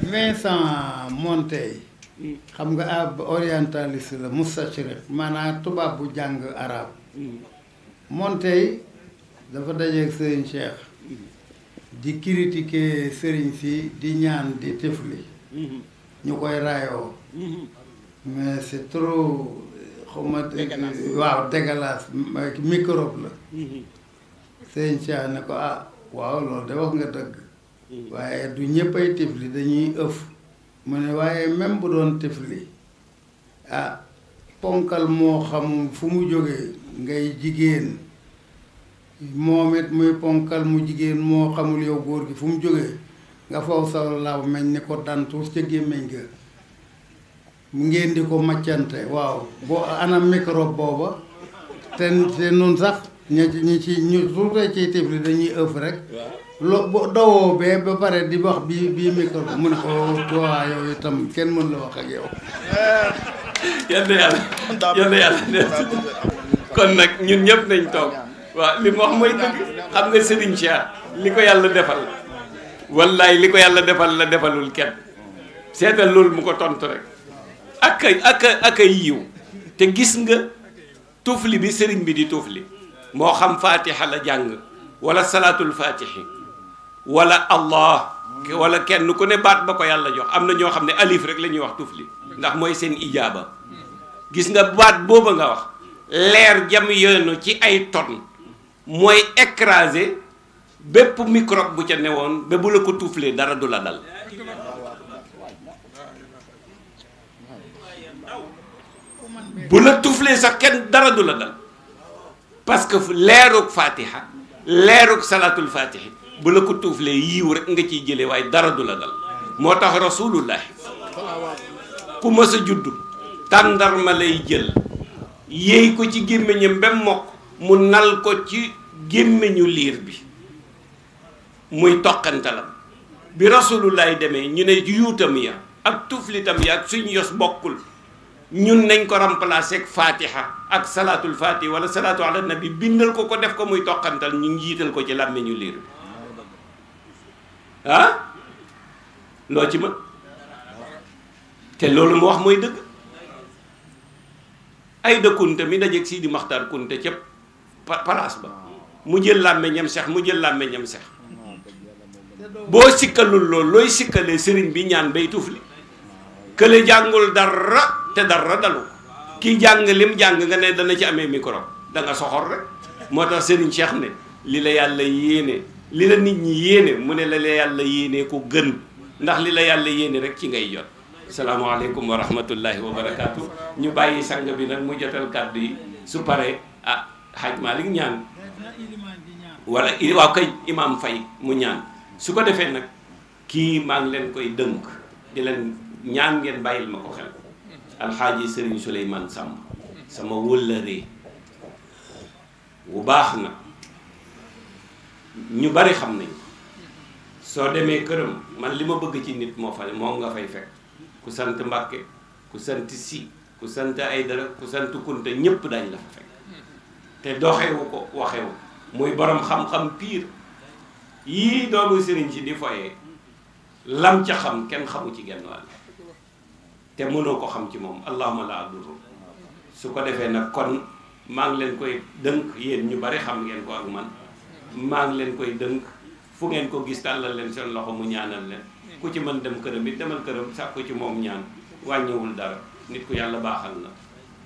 Vincent Mm. xam nga ab orientaliste la mustashrik maanaam tubaab bu jàng arab mm. Montaigne dafa dajeeg Serigne Cheikh mm. di critiquer Serigne si di ñaan di tifli mm-hmm. ñu koy raayoo mm-hmm. mais c'est trop xawma waaw dégueulasse microbe la mm-hmm. Serigne Cheikh ne ko ah waaw loolu de wax nga dëgg waaye du ñëpp tifli dañuy ëf mu ne waaye même bu doon tefli ah ponkal moo xam fu mu jógee ngay jigéen moom it muy ponkal mu jigéen moo xamul yow góor gi fu mu jógee nga faw sa law ni ko dantuus ca gémmiñ ga ngeen di ko maccante waaw boo anam microbe booba te te nun sax ñi ci ñu surtout ci tifli dañuy ëf rek lo boo dawoo bee ba pare di wax bii bii micro mu ne ko waa yow itam kenn mën la wax ak yow. yal yàlla yal kon nag ñun ñëpp nañ toog waaw li mu wax mooy dëgg xam nga Serigne Cheikh li yàlla defal wallaay li ko yàlla defal la defalul kenn seetal loolu mu ko tontu rek ak a ak a ak a yiw te gis nga tuufli bi Serigne bi di tuufli moo xam Fatiha la jàng wala salaatul Fatihi. wala allah wala kenn ku ne baat ba ko yàlla jox am na ñoo xam ne alif rek la ñuy wax tufli ndax mooy seen ijaaba gis nga baat booba nga wax leer jam yoonu ci ay ton mooy écraser bépp microbe bu ca newoon ba bu la ko tuuflee dara du la dal bu la tuuflee sax kenn dara du la dal parce que leerug fatiha leerug salatul bu la ko tuuflee yiiw rek nga ciy jëlee waaye dara du la dal moo tax rasulullah ku mës a juddu tàndarma lay jël yéey ko ci gémmiñam ba mokk mu nal ko ci gémmiñu liir bi muy toqantalam bi rasulullah demee ñu ne yuutam ya ak tuflitam ya ak suñ yos bokkul ñun nañ ko remplacer ak fatiha ak salaatul fatiha wala salaatu ala bi bindal ko ko def ko muy toqantal ñu njiital ko ci làmmiñu liir bi ah loo ci mën te loolu mu wax mooy dëgg ay da kunte mi dajeeg di Maxtaar kunte ca palaas ba mu jël làmmeñam seex mu jël làmmeñam seex boo sikkalul loolu looy sikkalee sëriñ bi ñaan bay tufli kële jàngul dara te dara dalu kii jàng lim jàng nga ne dana ci amee micro da nga soxor rek moo tax sëriñ Cheikh ne li la yàlla yéene li la nit ñi yéene mu ne la la yàlla yéene ko gën ndax li la yàlla yéene rek ci ngay jot salaamaaleykum wa rahmatullahi wa barakaatu ñu bàyyi sang bi nag mu jotal kàddu yi su paree ah xaj Malick ñaan wala waaw kay imaam fay mu ñaan su ko defee nag kii maa ngi leen koy dënk di leen ñaan ngeen bàyyil ma ko xel alxaaji Serigne Souleymane sàmm sama wëllëree bu baax na ñu bari xam nañ soo demee këram man li ma bëgg ci nit moo fa moom nga fay fekk ku sant Mbàkke ku sant Si ku sant Aydara ku sant Kunta ñépp dañ la fa fekk te doxewu ko waxewu muy borom xam-xam piir yii doomu sëriñ si di foyee lam ca xam kenn xamu ci genn wàll te mënoo ko xam ci moom allahuma la aduru su ko defee nag kon maa ngi leen koy dënk yéen ñu bari xam ngeen ko ak man maa ngi leen koy dënk fu ngeen ko gis tàllal leen seen loxo mu ñaanal leen ku ci mën dem këram it demal këram sàkku ci moom ñaan wàññewul dara nit ku yàlla baaxal la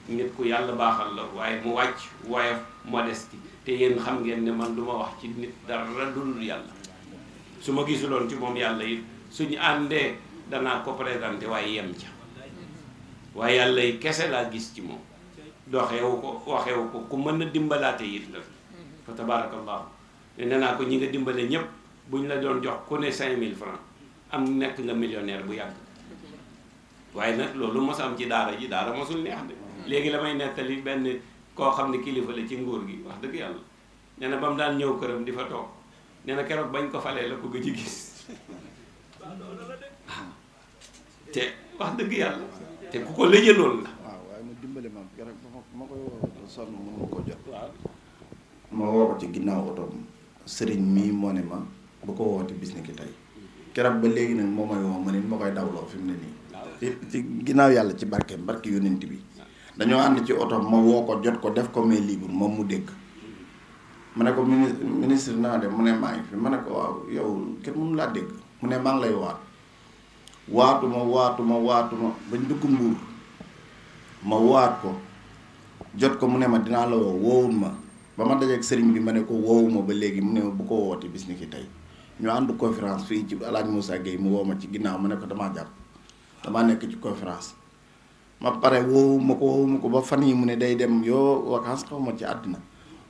nit ku yàlla baaxal la waaye mu wàcc woyof modeste te yéen xam ngeen ne man du ma wax ci nit dara dul yàlla su ma gisuloon ci moom yàlla it suñu àndee danaa ko présenté waaye yem ca waaye yàlla yi kese laa gis ci moom doxewu ko waxewu ko ku mën na dimbalaate it la fa tabaarakallahu te naa ko ñi nga dimbale bu ñu la doon jox ku ne 5000 francs am nekk nga millionnaire bu yàgg waaye nag loolu mos am ci daara ji daara mosul neex de léegi la may nettali benn koo xam ne kilifa la ci nguur gi wax dëgg yàlla nee na ba mu daan ñëw këram di fa toog nee na keroog bañ ko falee la ko gëj gis te wax dëgg yàlla te ku ko lëjaloon la. waaw waaye ma dimbale ma ko sonn mënu ma ko jot. waaw ma ci ginnaaw oto sëriñ mii moo ne ma bu ko woote bis ni ki tey keroog ba léegi nag moo may woo ma ne ma koy dawloo fi mu ne nii ci ginnaaw yàlla ci barke barke yonent bi dañoo ànd ci oto ma woo ko jot ko def ko mais libre moom mu dégg ne ko ministre naa de mu ne maa ma ne ko yow kenn mënu laa dégg mu ne maa ngi lay waat waatuma waatuma waatuma bañ dëkk mbuur ma waat ko jot ko mu ne ma dinaa la woo woowul ma ba ma dajeeg sëriñ bi ma ne ko woowuma ba léegi mu ne bu ko wooti bis ni tey ñu ànd conférence fii ci alaaj Moussa Gueye mu woo ma ci ginnaaw ma ne ko damaa jàpp damaa nekk ci conférence ma pare woowuma ko woowuma ko ba fan yi mu ne day dem yoo vacances xaw ma ci àddina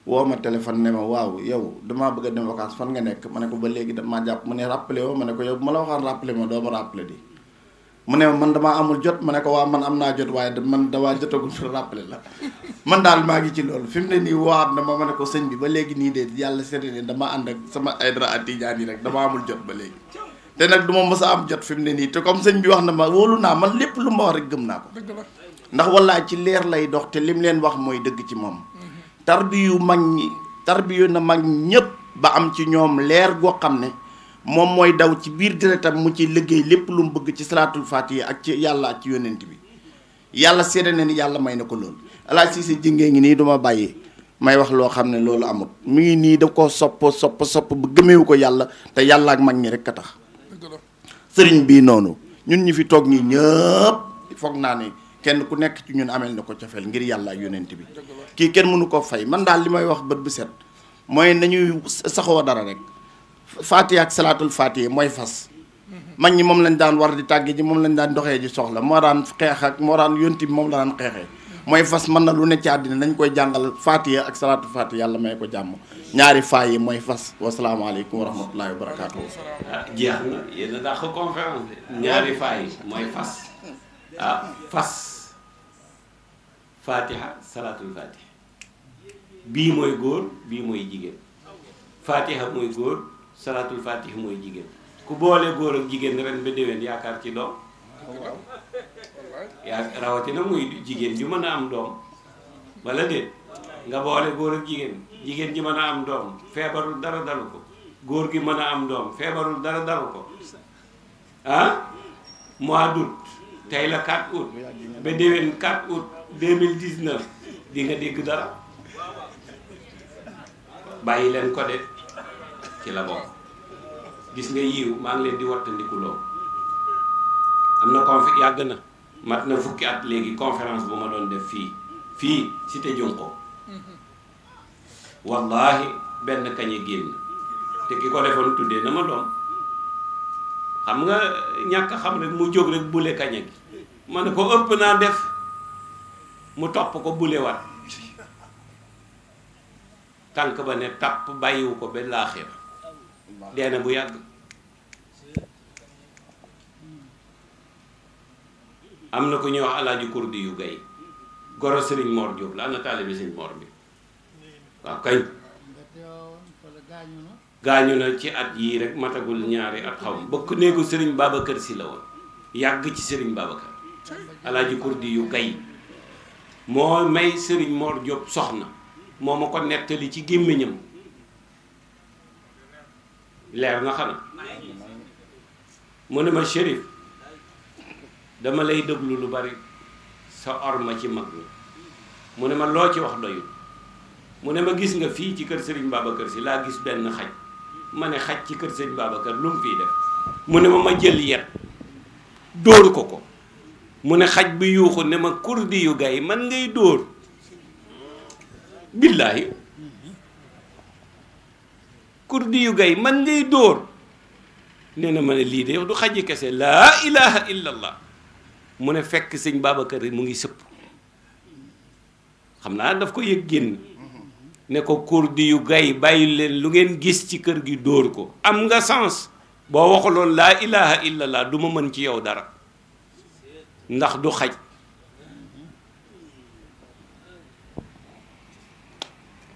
woo ma téléphone ne ma waaw yow damaa bëgg a dem vacances fan nga nekk ma ne ko ba léegi damaa jàpp mu ne rappelé woo ma ne ko yow bu ma la waxaan rappelé ma doo ma rappelé di mu ne man damaa amul jot ma ne ko waa man am naa jot waaye man damaa jotagul fi rappelé la man daal maa ngi ci loolu fi mu ne nii waat na ma ma ne ko sëñ bi ba léegi nii de yàlla seetlee dama ànd ak sama Aidara ak Tijaan yi rek dama amul jot ba léegi. te nag du ma mës am jot fi mu ne nii te comme sëñ bi wax na ma wóolu naa man lépp lu ma wax rek gëm naa ko. ndax wallaahi ci leer lay dox te lim leen wax mooy dëgg ci moom. Mm-hmm. tarbiyu mag ñi tarbiyu na mag ñëpp ba am ci ñoom leer goo xam ne. moom mooy daw ci biir deretam mu ciy liggéey lépp lu mu bëgg ci salaatul faat yi ak ci yàlla ak ci yónnent bi yàlla seede na ni yàlla may na ko loolu alaaj si si jingee ngi nii duma bàyyee may wax loo xam ne loolu amut mu ngi nii da ko sopp sopp sopp bu gëmeewu ko yàlla te yàlla ak mag ñi rek a tax sëriñ bii noonu ñun ñi fi toog nii ñëpp foog naa ni kenn ku nekk ci ñun amel na ko cofeel ngir yàlla ak yónnent bi kii kenn mënu koo fay man daal li may wax bët bu set mooy nañuy saxoo dara rek Fatiha ak salaatul Fatiha mooy fas mag ñi moom lañ daan war di tàgg ji moom lañ daan doxee ji soxla moo daan xeex ak moo daan yonti moom la daan xeexee mooy fas mën na lu ci àddina dañ koy jàngal Fatiha ak salaatul Fatiha yàlla may ko jàmm ñaari faa yi mooy fas wasalaamaaleykum wa rahmatullahi wa barakaatu. ah jeex na ñaari faa yi mooy fas ah góor bii mooy jigéen Fatiha mooy góor. salaatul fatih mooy jigéen ku boole góor ak jigéen ren ba déwén yaakaar ci doom yaa rawatina muy jigéen ju mën a am doom wala déet nga boole góor ak jigéen jigéen ji mën a am doom feebarul dara dalu ko góor gi mën a am doom feebarul dara dalu ko ah mois d'août tey la 4 août ba déwén 4 août 2019 di nga dégg dara bàyyi leen ko de ci la bokk gis nga yiw maa ngi leen di wattandiku loo am na confi yàgg na mat na fukki at léegi conférence bu ma doon def fii fii cité Junko wallaahi benn kañe génn te ki ko defoon tuddee na ma doom xam nga ñàkk xam ne mu jóg rek bule kañe gi ma ne ko ëpp naa def mu topp ko bule wat tànk ba ne tàpp bàyyiwu ko ba laaxir dee na bu yàgg am na ku ñuy wax alaaji kurdi yu gay goro sëriñ Mor Diop la na taalibi sëriñ Mor bi waaw kañ gaañu na ci at yii rek matagul ñaari at xaw bokk néegu sëriñ Babacar si la woon yàgg ci sëriñ Babacar alaaji kurdi yu gay moo may sëriñ Mor Diop soxna moo ma ko nettali ci gémmiñam leer nga xam mu ne ma shérif dama lay déglu lu bari sa orma ci mag ñi mu ne ma loo ci wax doyul mu ne ma gis nga fii ci kër Serigne Babacar si laa gis benn xaj ma ne xaj ci kër Serigne Babacar lu mu fii def mu ne ma ma jël yet dóor ko ko mu ne xaj bi yuuxu ne ma kurdi yu gay man ngay dóor billaahi kurdi yu gay man ngay dóor nee na ma ne lii de yow du xaji kese laa ilaha illa mu ne fekk sëñ kër mu ngi sëpp xam naa daf ko yëg génn ne ko kurdi yu gay bàyyi leen lu ngeen gis ci kër gi dóor ko am nga sens boo waxuloon laa ilaha illa duma du mën ci yow dara ndax du xaj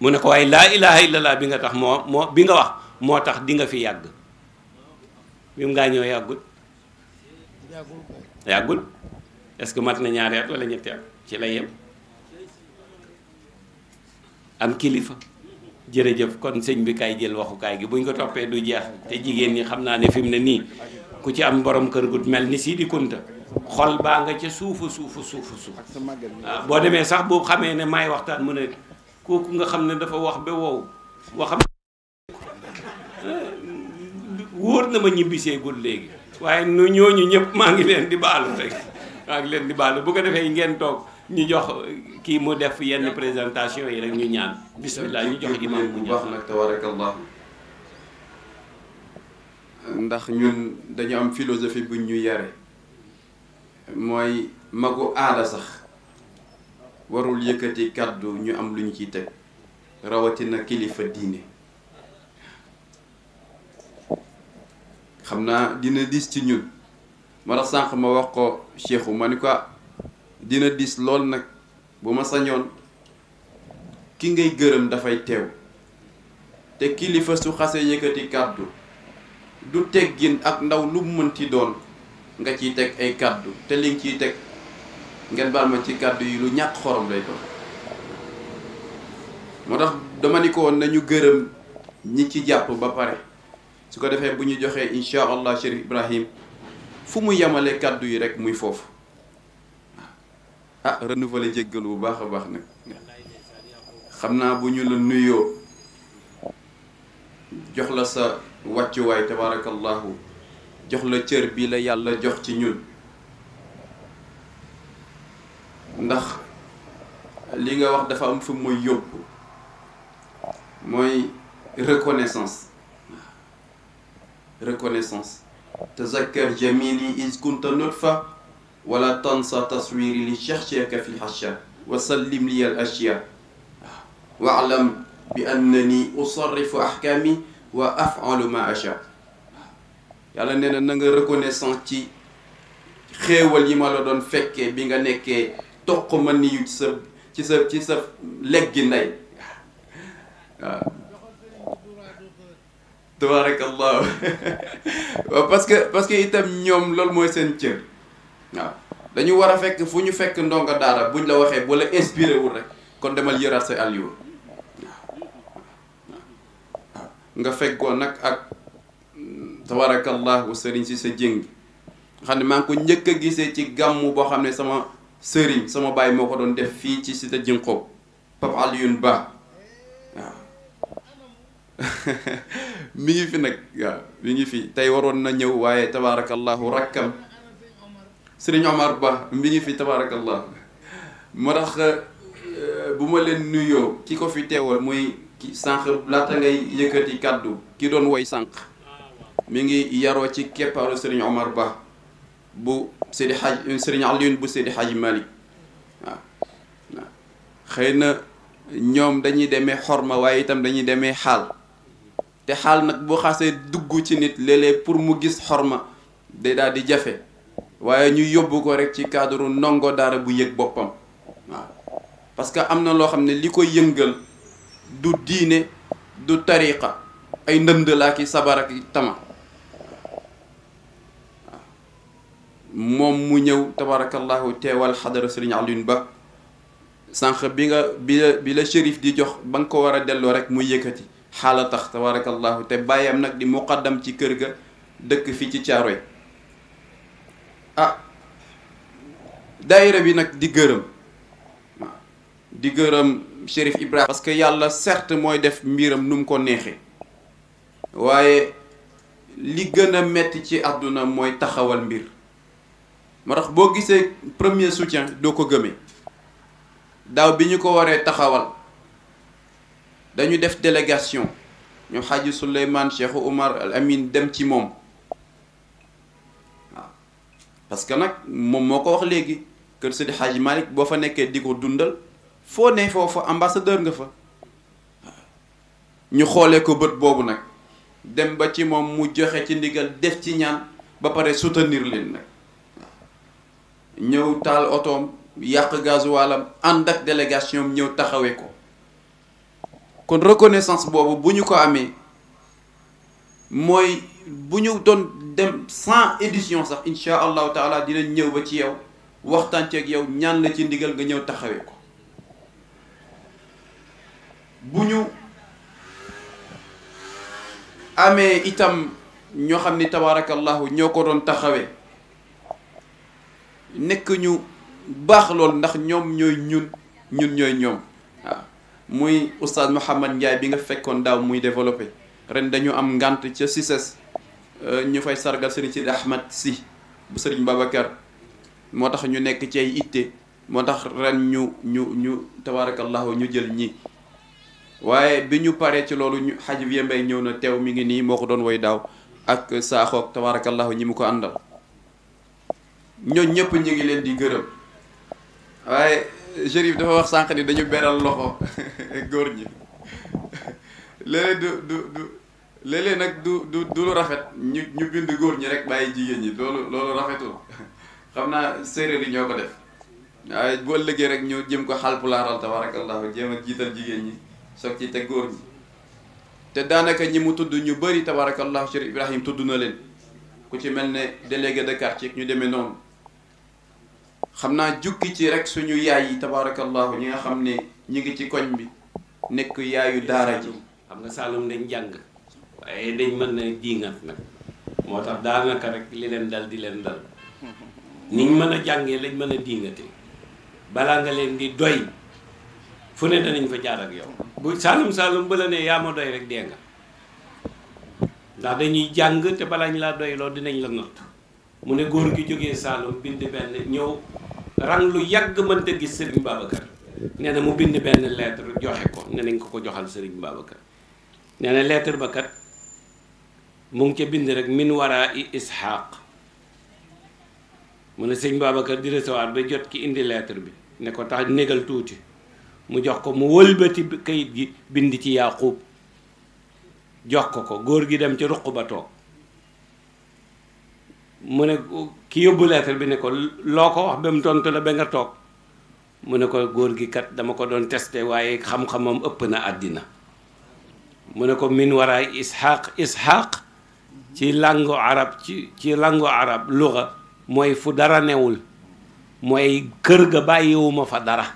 mu ne ko waay laa ilaha illallah bi nga tax moo moo bi nga wax moo tax di nga fi yàgg bi mu ngaa ñëw yàggul yàggul est-ce que mat na ñaari at wala ñetti at ci la yem am kilifa jërëjëf kon sëñ bi kaay jël waxukaay gi buñ ko toppee du jeex te jigéen ñi xam naa ne fi mu ne nii ku ci am borom kër gut mel ni Sidi Kunta xol baa nga ca suufu suufu suufu suuf ah, boo demee sax boo xamee ne may waxtaan mu ne kooku nga xam ne dafa wax ba wow waxam eh, wóor na ma ñibbiseegul léegi waaye nu ñooñu ñëpp maa ngi leen di baalu rek maa ngi leen di baalu bu ko defee ngeen toog ñu jox kii mu def yenn présentation yi rek ñu ñaan bismillah ñu jox imam bu baax nag tabarakallah ndax ñun dañu am philosophie buñ ñu yare mooy magu aada sax warul yëkkati kàddu ñu am lu ñu ci teg rawatina kilifa diine xam naa dina diis ci ñun ma tax sànq ma wax ko Cheikhu ma ni ko ah, dina diis lool nag bu ma sañoon ki ngay gërëm dafay teew te kilifa su xase yëkkati kàddu du teggin ak ndaw lu mënti doon nga ciy teg ay kàddu te li nga ciy teg ngeen baal ma ci kàddu yi lu ñàkk xorom lay doon moo tax dama ni ko woon nañu gërëm ñi ci jàpp ba pare su ko defee bu ñu joxee incha allah Chérif Ibrahim fu mu yemale kàddu yi rek muy foofu ah renouveler njéggal bu baax a baax nag xam naa bu ñu la nuyoo jox la sa wàccuwaay tabaarakallahu jox la cër bi la yàlla jox ci ñun ndax li nga wax dafa am fu mooy yóbbu mooy reconnaissance reconnaissance tazakkar jamili is kunta nutfa wala tansa taswiri li chercheka fi hasha wa sallim li al ashya waalam bi annani usarrifu ahkami wa afalu ma asha yàlla nee na na nga reconnaissance ci xéewal yi ma la doon fekkee bi nga nekkee toq ma nii ci sa ci sa ci sa leggi ndey waaw tabarakallahu waaw parce que parce que itam ñoom loolu mooy seen cër waaw dañu war a fekk fu ñu fekk ndongo daara buñ la waxee bu la inspiré wul rek kon demal yëraat sa àlliwa waaw nga fekkoon nag ak tabarakallahu sëriñ si sa jëng xam ne maa ngi ko njëkk a gisee ci gàmm boo xam ne sama sëriñ sama baay moo ko doon def fii ci cité Jinkob Pape Alioune Ba waaw mi ngi fi nag waaw mi ngi fi tey waroon na ñëw waaye tabaarakallahu rakkam sëriñ Omar Ba mi ngi fi tabaarakallahu moo tax euh, bu ma leen nuyoo ki ko fi teewal muy ki sànq laata ngay yëkkati kàddu ki doon woy sànq mi ngi yaroo ci keppaaru sëriñ Omar Ba bu Seydi Hadj euh, Serigne Alioune bu Seydi Hadj Malick waaw waaw xëy na ñoom dañuy demee ma waaye itam dañuy demee xaal te xaal nag boo xasee dugg ci nit léeg pour mu gis xorma day daal di jafe waaye ñu yóbbu ko rek ci cadre ndongo daara bu yëg boppam waaw parce que am na loo xam ne li ko yëngal du diine du tariqa ay ndënd laa ki sabar ak tama moom mu ñëw tabarakallahu teewal xadara sëriñ Alioune Ba sànq bi nga bi la bi la shérif di jox ba nga ko war a delloo rek mu yëkkati xaala tax tabarakallahu te bàyyam nag di muqaddam ci kër ga dëkk fii ci Caaroy ah daayira bi nag di gërëm di gërëm shérif Ibrahima. parce que yàlla certes mooy def mbiram nu mu ko neexee waaye li gën a metti ci àdduna mooy taxawal mbir moo tax boo gisee premier soutien doo ko gëmee daaw bi ñu ko waree taxawal dañu def délégation ñu xaaji Souleymane Cheikh Oumar Al Amin dem ci moom waaw parce que nag moom moo ko wax léegi kër Seydi Xaaji Malick boo fa nekkee di ko dundal foo ne foofu ambassadeur nga fa ñu xoolee ko bët boobu nag dem ba ci moom mu joxe ci ndigal def ci ñaan ba pare soutenir leen nag ñëw taal otoom yàq gasoilam ànd ak délégation ñëw taxawee ko kon reconnaissance boobu bu ñu ko amee mooy bu ñu doon dem sans édition sax incha allahu taala dinañ ñëw ba ci yow waxtaan ceeg yow ñaan la ci ndigal nga ñëw taxawe ko bu ñu amee itam ñoo xam ni tabaarakallahu ñoo ko doon taxawee nekk ñu baax lool ndax ñoom ñooy ñun ñun ñooy ñoom waaw muy oustaz Mouhamad Ndiaye bi nga fekkoon daaw muy développé ren dañu am ngànt ca CICES euh, ñu fay sargal sëriñ Sidi Ahmad si bu sëriñ Babacar moo tax ñu nekk ci ay itte moo tax ren ñu ñu ñu tabarakallahu ñu jël ñi waaye bi ñu paree ci loolu ñu xaj bi yembay ñëw na teew mi ngi nii moo ko doon woy daaw ak saaxoog tabarakallahu ñi mu ko àndal ñooñ ñëpp ñu ngi leen di gërëm waaye Chérif dafa wax sànq ni dañu beral loxo góor ñi léeg du du du léeg nag du du du lu rafet ñu ñu bind góor ñi rek bàyyi jigéen ñi loolu loolu rafetul xam naa séeréer yi ñoo ko def waaye boo liggéey rek ñu jëm ko xalpulaaral tabarakallahu jéem a jiital jigéen ñi soog ci te góor ñi te daanaka ñi mu tudd ñu bëri tabarakallahu Chérif Ibrahim tudd na leen ku ci mel ne délégué de quartier ñu demee noonu xam naa jukki ci rek suñu yaay yi tabaarakallaahu ñi nga xam ne ñi ngi ci koñ bi nekk yaayu daara ji xam nga Saalum dañ jàng waaye dañ mën na diingat nag moo tax daanaka rek li leen dal di leen dal niñ mën a jàngee lañ mën a diingatee balaa nga leen di doy fu ne danañ fa jaar ak yow bu Saalum Saalum ba la ne yaa ma doy rek dee nga ndax dañuy jàng te balaa ñu laa doy dinañ la natt mu ne góor gi jóge Saalum bind benn ñëw rang lu yàgg mënta gis Serigne Babacar nee na mu bind benn lettre joxe ko ne nañ ko ko joxal Serigne Babacar nee na lettre ba kat mu ngi ca bind rek min waraa i Ishaq mu ne sëñ Babacar di recevoir ba jot ki indi lettre bi ne ko tax négal tuuti mu jox ko mu wëlbati kayit gi bind ci Yaaqub jox ko ko góor gi dem ci ruq ba toog mu ne ci yóbbu lettre bi ne ko loo ko wax ba mu tontu la ba nga toog mu ne ko góor gi kat dama ko doon testé waaye xam-xamam ëpp na àddina mu ne ko min waraay ishaq ishaq ci langu arab ci ci arab luga mooy fu dara newul mooy kër ga bàyyiwuma fa dara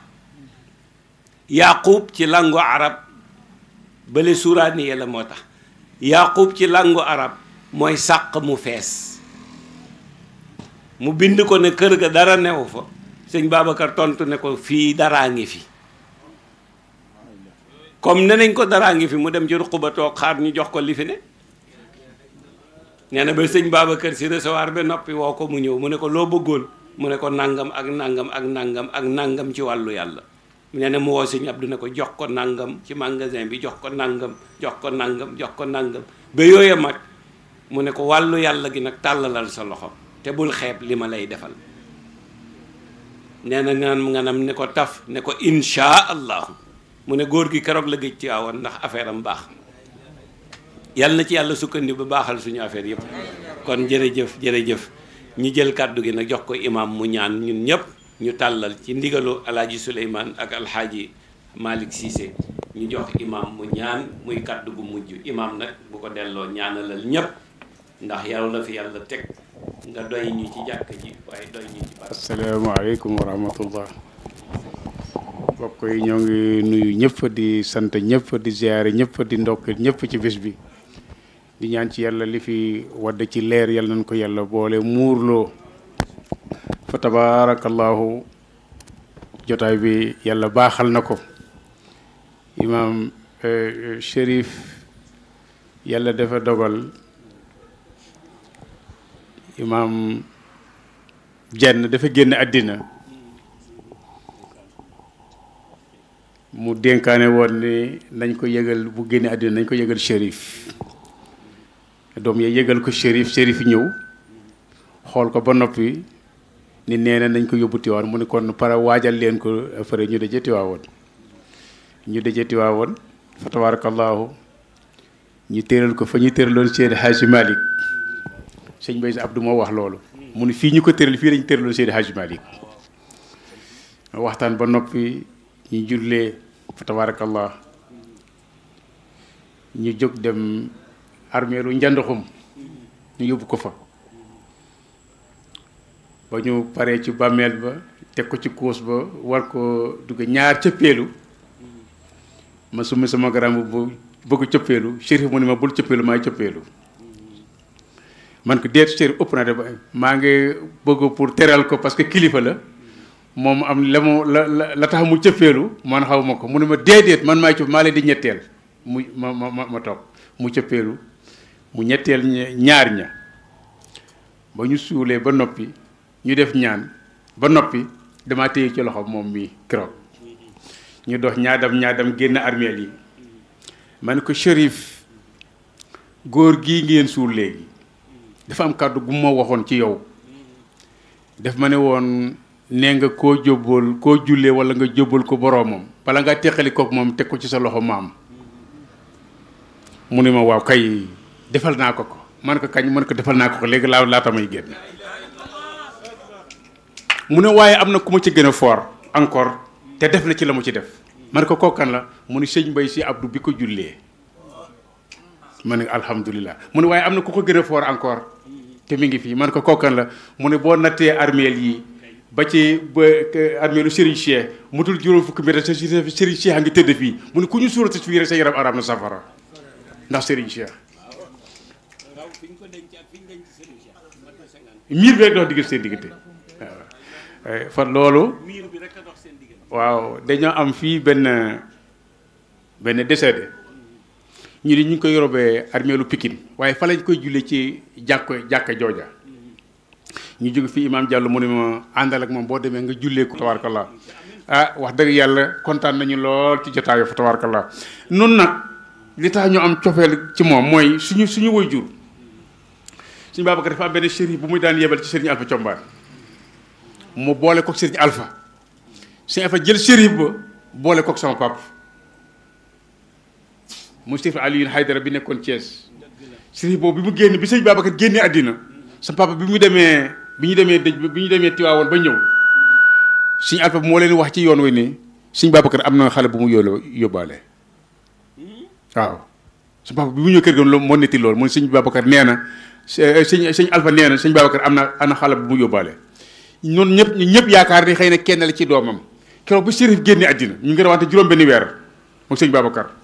yaqub ci langu arab bële suuraani la moo tax yaqub ci langu arab mooy sàq mu fees mu bind ko ne kër ga dara newu fa sëñ Babacar tontu ne ko fii daraa ngi fi comme ne nañ ko daraa ngi fi mu dem ci ruq ba toog xaar ñu jox ko lifine fi na ba sëñ Babacar si recevoir ba noppi woo ko mu ñëw mu ne ko loo bëggoon mu ne ko nangam ak nangam ak nangam ak nangam ci wàllu yàlla nee na mu woo sëñ Abdou ne ko jox ko nangam ci magasin bi jox ko nangam jox ko nangam jox ko nangam ba yooya mag mu ne ko wàllu yàlla gi nag tàllalal sa loxo te bul xeeb li ma lay defal nee na nga nganam ne ko taf ne ko insha allahu mu ne góor gi keroog la géej ci waawoon ndax affaire am baax yàlla na ci yàlla sukkandi ba baaxal suñu affaire yëpp kon jërëjëf jërëjëf ñu jël kàddu gi nag jox ko imaam mu ñaan ñun ñëpp ñu tàllal ci ndigalu alaaji Souleymane ak alxaaji malik Cissé ñu jox imaam mu ñaan muy kàddu gu mujj imaam nag bu ko delloo ñaanalal ñëpp ndax yow la fi yàlla teg nga doy ñu ci jàkk ji waaye doy ñu ci baax. asalaamaaleykum wa rahmatullah mbokk yi ñoo ngi nuyu ñëpp di sant ñëpp di ziare ñëpp di ndokk ñëpp ci bés bi di ñaan ci yàlla li fi wadd ci leer yàlla nañ ko yàlla boole muurloo fa tabaarakallaahu jotaay bi yàlla baaxal na ko imaam eh, eh, Chérif yàlla dafa dogal imaam jenn dafa génn àddina mu dénkaane woon ni nañ ko yëgal bu génne àddina nañ ko yëgal shérif doom yee yëgal ko shérif shérif ñëw xool ko ba noppi ni nee na nañ ko yóbbu Tiwaawan mu ne kon pare waajal leen ko après ñu dëje Tiwaawan ñu dëje Tiwaawan fa tabaarakallaahu ñu téeral ko fa ñu téeraloon seen Haaji Malick sëñ Mbaye sa Abdou moo wax loolu mu ne fii ñu ko tëral fii lañ tëraloon Seydi Hadji Malick waxtaan ba noppi ñu jullee fa tabarakallah ñu jóg dem armeelu njandoxum ñu yóbbu ko fa ba ñu paree ci bàmmeel ba teg ko ci koos ba war ko dugg ñaar cëppeelu ma summi sama garam bu bëgg cëppeelu shérif mu ne ma bul cëppeelu maay cëppeelu man ko déet cër ëpp na de maa ngi bëgg pour teral ko parce que kilifa la moom am la mu la la la tax mu cëppeelu man xaw ma ko mu ne ma déedéet man maay cëpp maa leen di ñetteel mu ma ma ma toog mu cëppeelu mu ñetteel ñaar ña ba ñu suulee ba noppi ñu def ñaan ba noppi dama téye ci loxo moom mi keroog ñu dox ñaadam ñaadam génn armeel yi man ko shérif góor gi ngeen suul léegi dafa am kàddu gu ma waxoon ci yow def ma ne woon nee nga koo jóbbal koo jullee wala nga jóbbal ko boroomam bala nga teqali kook moom teg ko ci sa loxo maam mu ne ma waaw kay defal naa ko ko man ko kañ ko defal naa ko ko léegi laa laata may génn mu ne waaye am na ku ma ci gën a fort encore te def na ci la mu ci def man ko kookan la mu ne sëñ Mbay si Abdou bi ko jullee ma ne alhamdulilah mu ne waaye am na ku ko gën foor encore te mi ngi fii man ko kokkan la mu ne boo nattee armeel yi ba ci ba armeelu Serigne Cheikh mutul juróom fukk mètre sa Serigne Cheikh a ngi tëdd fii mu ne ku ñu suurata fii rek sa yaram araam na safara ndax Serigne Cheikh. miir bi rek dox diggante seen diggante eh, fan loolu. waaw dañoo am fii benn benn décédé. ñu ne ñu ngi koy robee armeelu Pikine waaye fa lañ koy jullee ci jàkk jàkk jooja ñu jóge fi Imaam jàll mu ne moom boo demee nga jullee ko tabaarkalla ah wax dëgg yàlla kontaan nañu lool ci jotaayu fa tabaarkalla noonu na li tax ñu am cofeel ci moom mooy suñu suñu waajur suñu Babacar dafa am benn sëriñ bu muy daan yebal ci sëriñ Alpha mu boole kook sëriñ Alpha sëriñ Alpha jël sëriñ ba boole kook sama pap mu Sëriñ Aliou Haydara bi nekkoon cees sëriñ boobu bi mu génn bi sëriñ Babacar génnee àddina sa papa bi mu demee bi ñu demee dëj bi ñu demee Tiwaawoon ba ñëw sëriñ Alpha moo leen wax ci yoon wi ni Babacar am na xale bu mu yóoloo yóbbaale waaw bi mu ñëw kër ga moo loolu mu ne sëriñ nee na sëriñ sëriñ Alpha nee na sëriñ Babacar am na am na xale bu mu yóbbaale noonu ñëpp ñëpp yaakaar ni xëy na kenn la ci doomam keroog bu sëriñ génnee àddina ñu ngi rawante juróom benn weer moom sëriñ Babacar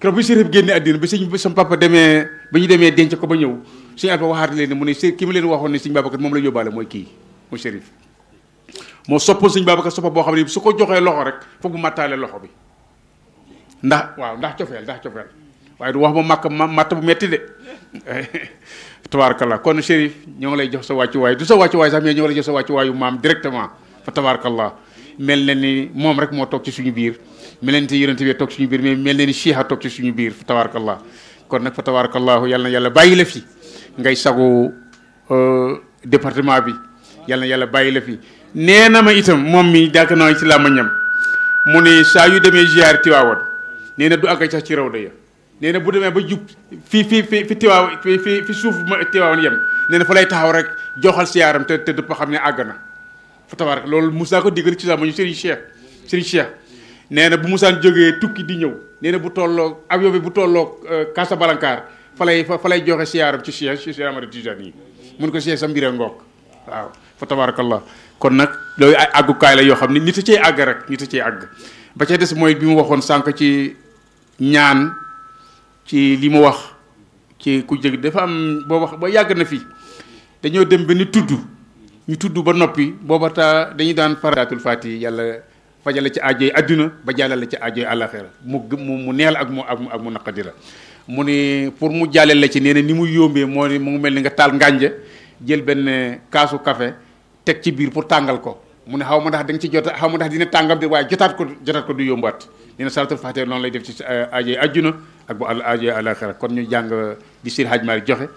keroog bi sëriñ génne àddina bi sëñ bi sama papa demee ba ñu demee denc ko ba ñëw suñu alfa waxaat leen ne mu ne sëriñ kii mu leen waxoon ne sëñ Babacar moom la yóbbaale mooy kii mooy sëriñ moo soppoon sëñ Babacar soppa boo xam ne su ko joxee loxo rek foog bu mattaale loxo bi ndax waaw ndax cofeel ndax cofeel waaye du wax ma màkk ma matt bu metti de tabaarakallah kon chérif ñoo ngi lay jox sa wàccuwaay du sa wàccuwaay sax mais ñoo ngi lay jox sa wàccuwaayu maam directement fa tabaarakallah mel na ni moom rek moo toog ci suñu biir melente yonente bi toog suñu biir mais mel leen Cheikh a toog ci suñu biir fa tabarakallah kon nag fa tabarakallahu yàlla na yàlla bàyyi la fi ngay sagu euh, département bi yàlla na yàlla bàyyi la fi nee na ma itam moom mi jàkk naa ci làmmañam mu ne saa yu demee ziar Tiwaawan nee na du àgg sax ci raw da ya nee bu demee ba jub fi fi fi fi tiwaaw fi fi suuf tiwaawan yem nee na fa lay taxaw rek joxal siyaaram te te du xam ne àgg na fa tabarak loolu Moussa ko digal ci sama ñu Serigne Cheikh Serigne Cheikh nee na bu musaan jógee tukki di ñëw nee bu tolloo avion bi bu tolloo euh, Casablanca fa lay fa lay joxe siyaara ci Cheikh ci Cheikh Ahmad Tijaan yi mun ko Cheikh sa mbir a ngoog waaw kon nag loolu ay àggukaay la yoo xam ne nit a cee àgg rek nit a cee àgg ba ca des mooy bi mu waxoon sànq ci ñaan ci li mu wax ci ku jëg dafa am boo wax ba yàgg na fi dañoo dem ba ni tudd ñu tudd ba noppi booba taa dañuy daan faraatul faati yàlla fajala ci aajo yi adduna ba jàllale ci aajo yi àllaxira mu mu neel ak mu ak mu ak la mu ni pour mu jàllale la ci nee na ni muy yómbee moo ni mu ngi mel ni nga taal ngànja jël benn kaasu kafe teg ci biir pour tàngal ko mu ne xaw ma ndax da nga ci jot xaw ma ndax dina tàngam de waaye jotaat ko jotaat ko du yombaat nee na salatul faatiha noonu lay def ci aajo yi adduna ak bu àll aajo kon ñu jàng di sir hajmaari joxe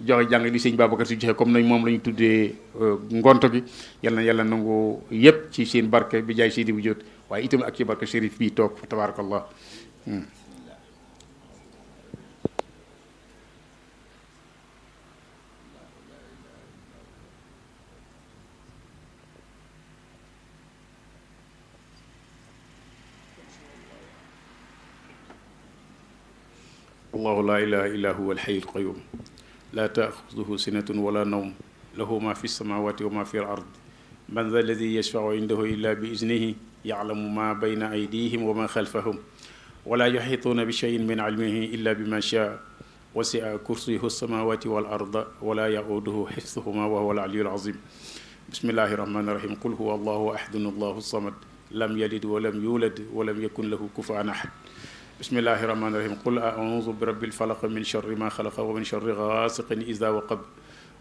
joxe jàng di sëñ Babacar si joxe comme nañ moom la ñu tuddee euh, ngonto gi yal yàlla nangu yépp ci seen barke bi jaay Seydi bu jot waaye itam ak ci barke shérif bii toog fa tabarakallah hmm. allahu laa ilaha illa huwa laa taaxuduhu sinatun wala nawm lahu ma fi samawati wa ma fi l ard man dha alladi yashfau indahu illa bi iznihi yalamu ma bayna aydihim wa ma xalfahum wala yuxituuna bi cheyin min ilmihi illa bima shaa wasia kursiyuhu samawati wal arda wala yauduhu xifsuhuma wa huwa al aliyu al azim bismillahi rahmani rahim qul huwa allahu ahadun allahu samad lam yalid walam yulad walam yakun lahu kufaan ahad bismillahi rahmaani rahim qul auzu bi rabbil falaq min sharri ma xalaqa wa min sharri gaasiqin iza waqab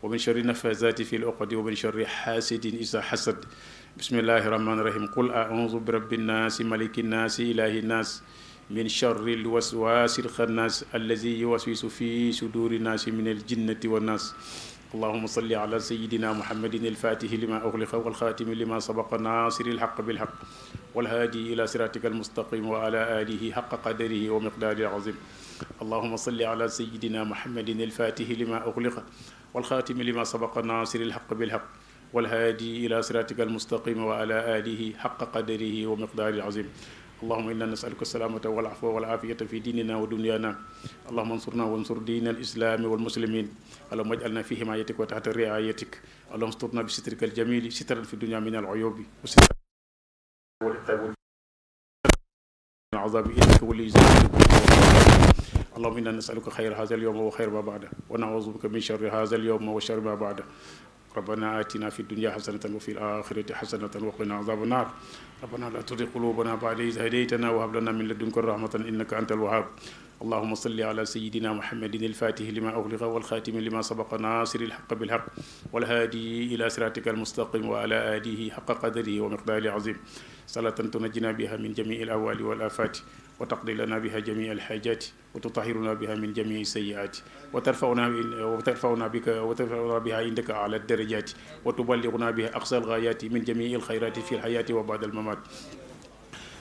wa min sharri nafasaati fi l-uqadi wa min sharri xaasidin iza xasad bismillahi rahmaani rahim qul auzu bi rabbi nnaasi maliki nnaasi ilaahi nnaas min sharri l-waswaasi l-xannaas allazi yuwaswisu fi suduuri nnaasi min al jinnati wan naas allahuma salli ala sayidina muhammadin alfaatihi lima uxliqa walxaatimi lima sabaqa naasiri alxaq bilxaq walhaadi ila siratika almustaqim wa ala alihi xaqa qadarihi wa miqdaari azim allahuma salli ala sayidina muhammadin alfaatihi lima uxliqa walxaatimi lima sabaqa naasiri alxaq bilxaq walhaadi ila siratika almustaqim wa ala alihi xaqa qadarihi wa miqdaari azim allahuma inna nasaluka salaamata wal afwa wal afiyata fi diinina wa dunyaana allahuma ansurna wansur diina al islaami wal muslimin allahuma ajalna fi himayatik wa taxta riayatik allahuma asturna bi sitrika al jamili sitran fi dunya min al uyubi wa sitran wal iqabi العذاب إنك ولي اللهم إنا نسألك خير هذا اليوم وخير ما بعده ونعوذ بك من شر هذا اليوم وشر ما بعده ربنا آتنا في الدنيا حسنة وفي الآخرة حسنة وقنا عذاب النار ربنا لا تزغ قلوبنا بعد إذ هديتنا وهب لنا من لدنك رحمة إنك أنت الوهاب اللهم صل على سيدنا محمد الفاتح لما أغلق والخاتم لما سبق ناصر الحق بالحق والهادي إلى صراطك المستقيم وعلى آله حق قدره ومقداره العظيم صلاة تنجنا بها من جميع الأوال والآفات wa taqdi lana biha jamii alxaajaati wa tutahiruna biha min jamii sayiaati wa tarfauna wa tarfauna bika wa tarfauna biha indaka ala darajaati wa tuballiguna biha aqsa algaayaati min jamii alxayraati fi alxayaati wa baada almamaat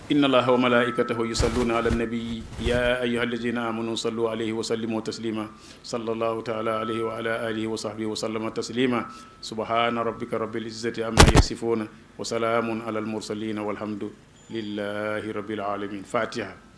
inna allaha wa malaikatahu yusalluna ala nabii ya ayuha alladina amanu sallu alayhi wa sallimu taslima sallallahu taala alayhi wa ala alihi wa sahbihi wa sallama taslima subhana rabbika rabbil izzati amma yasifuna wa salaamun ala almursalina walhamdu lillahi rabbil alamin fatiha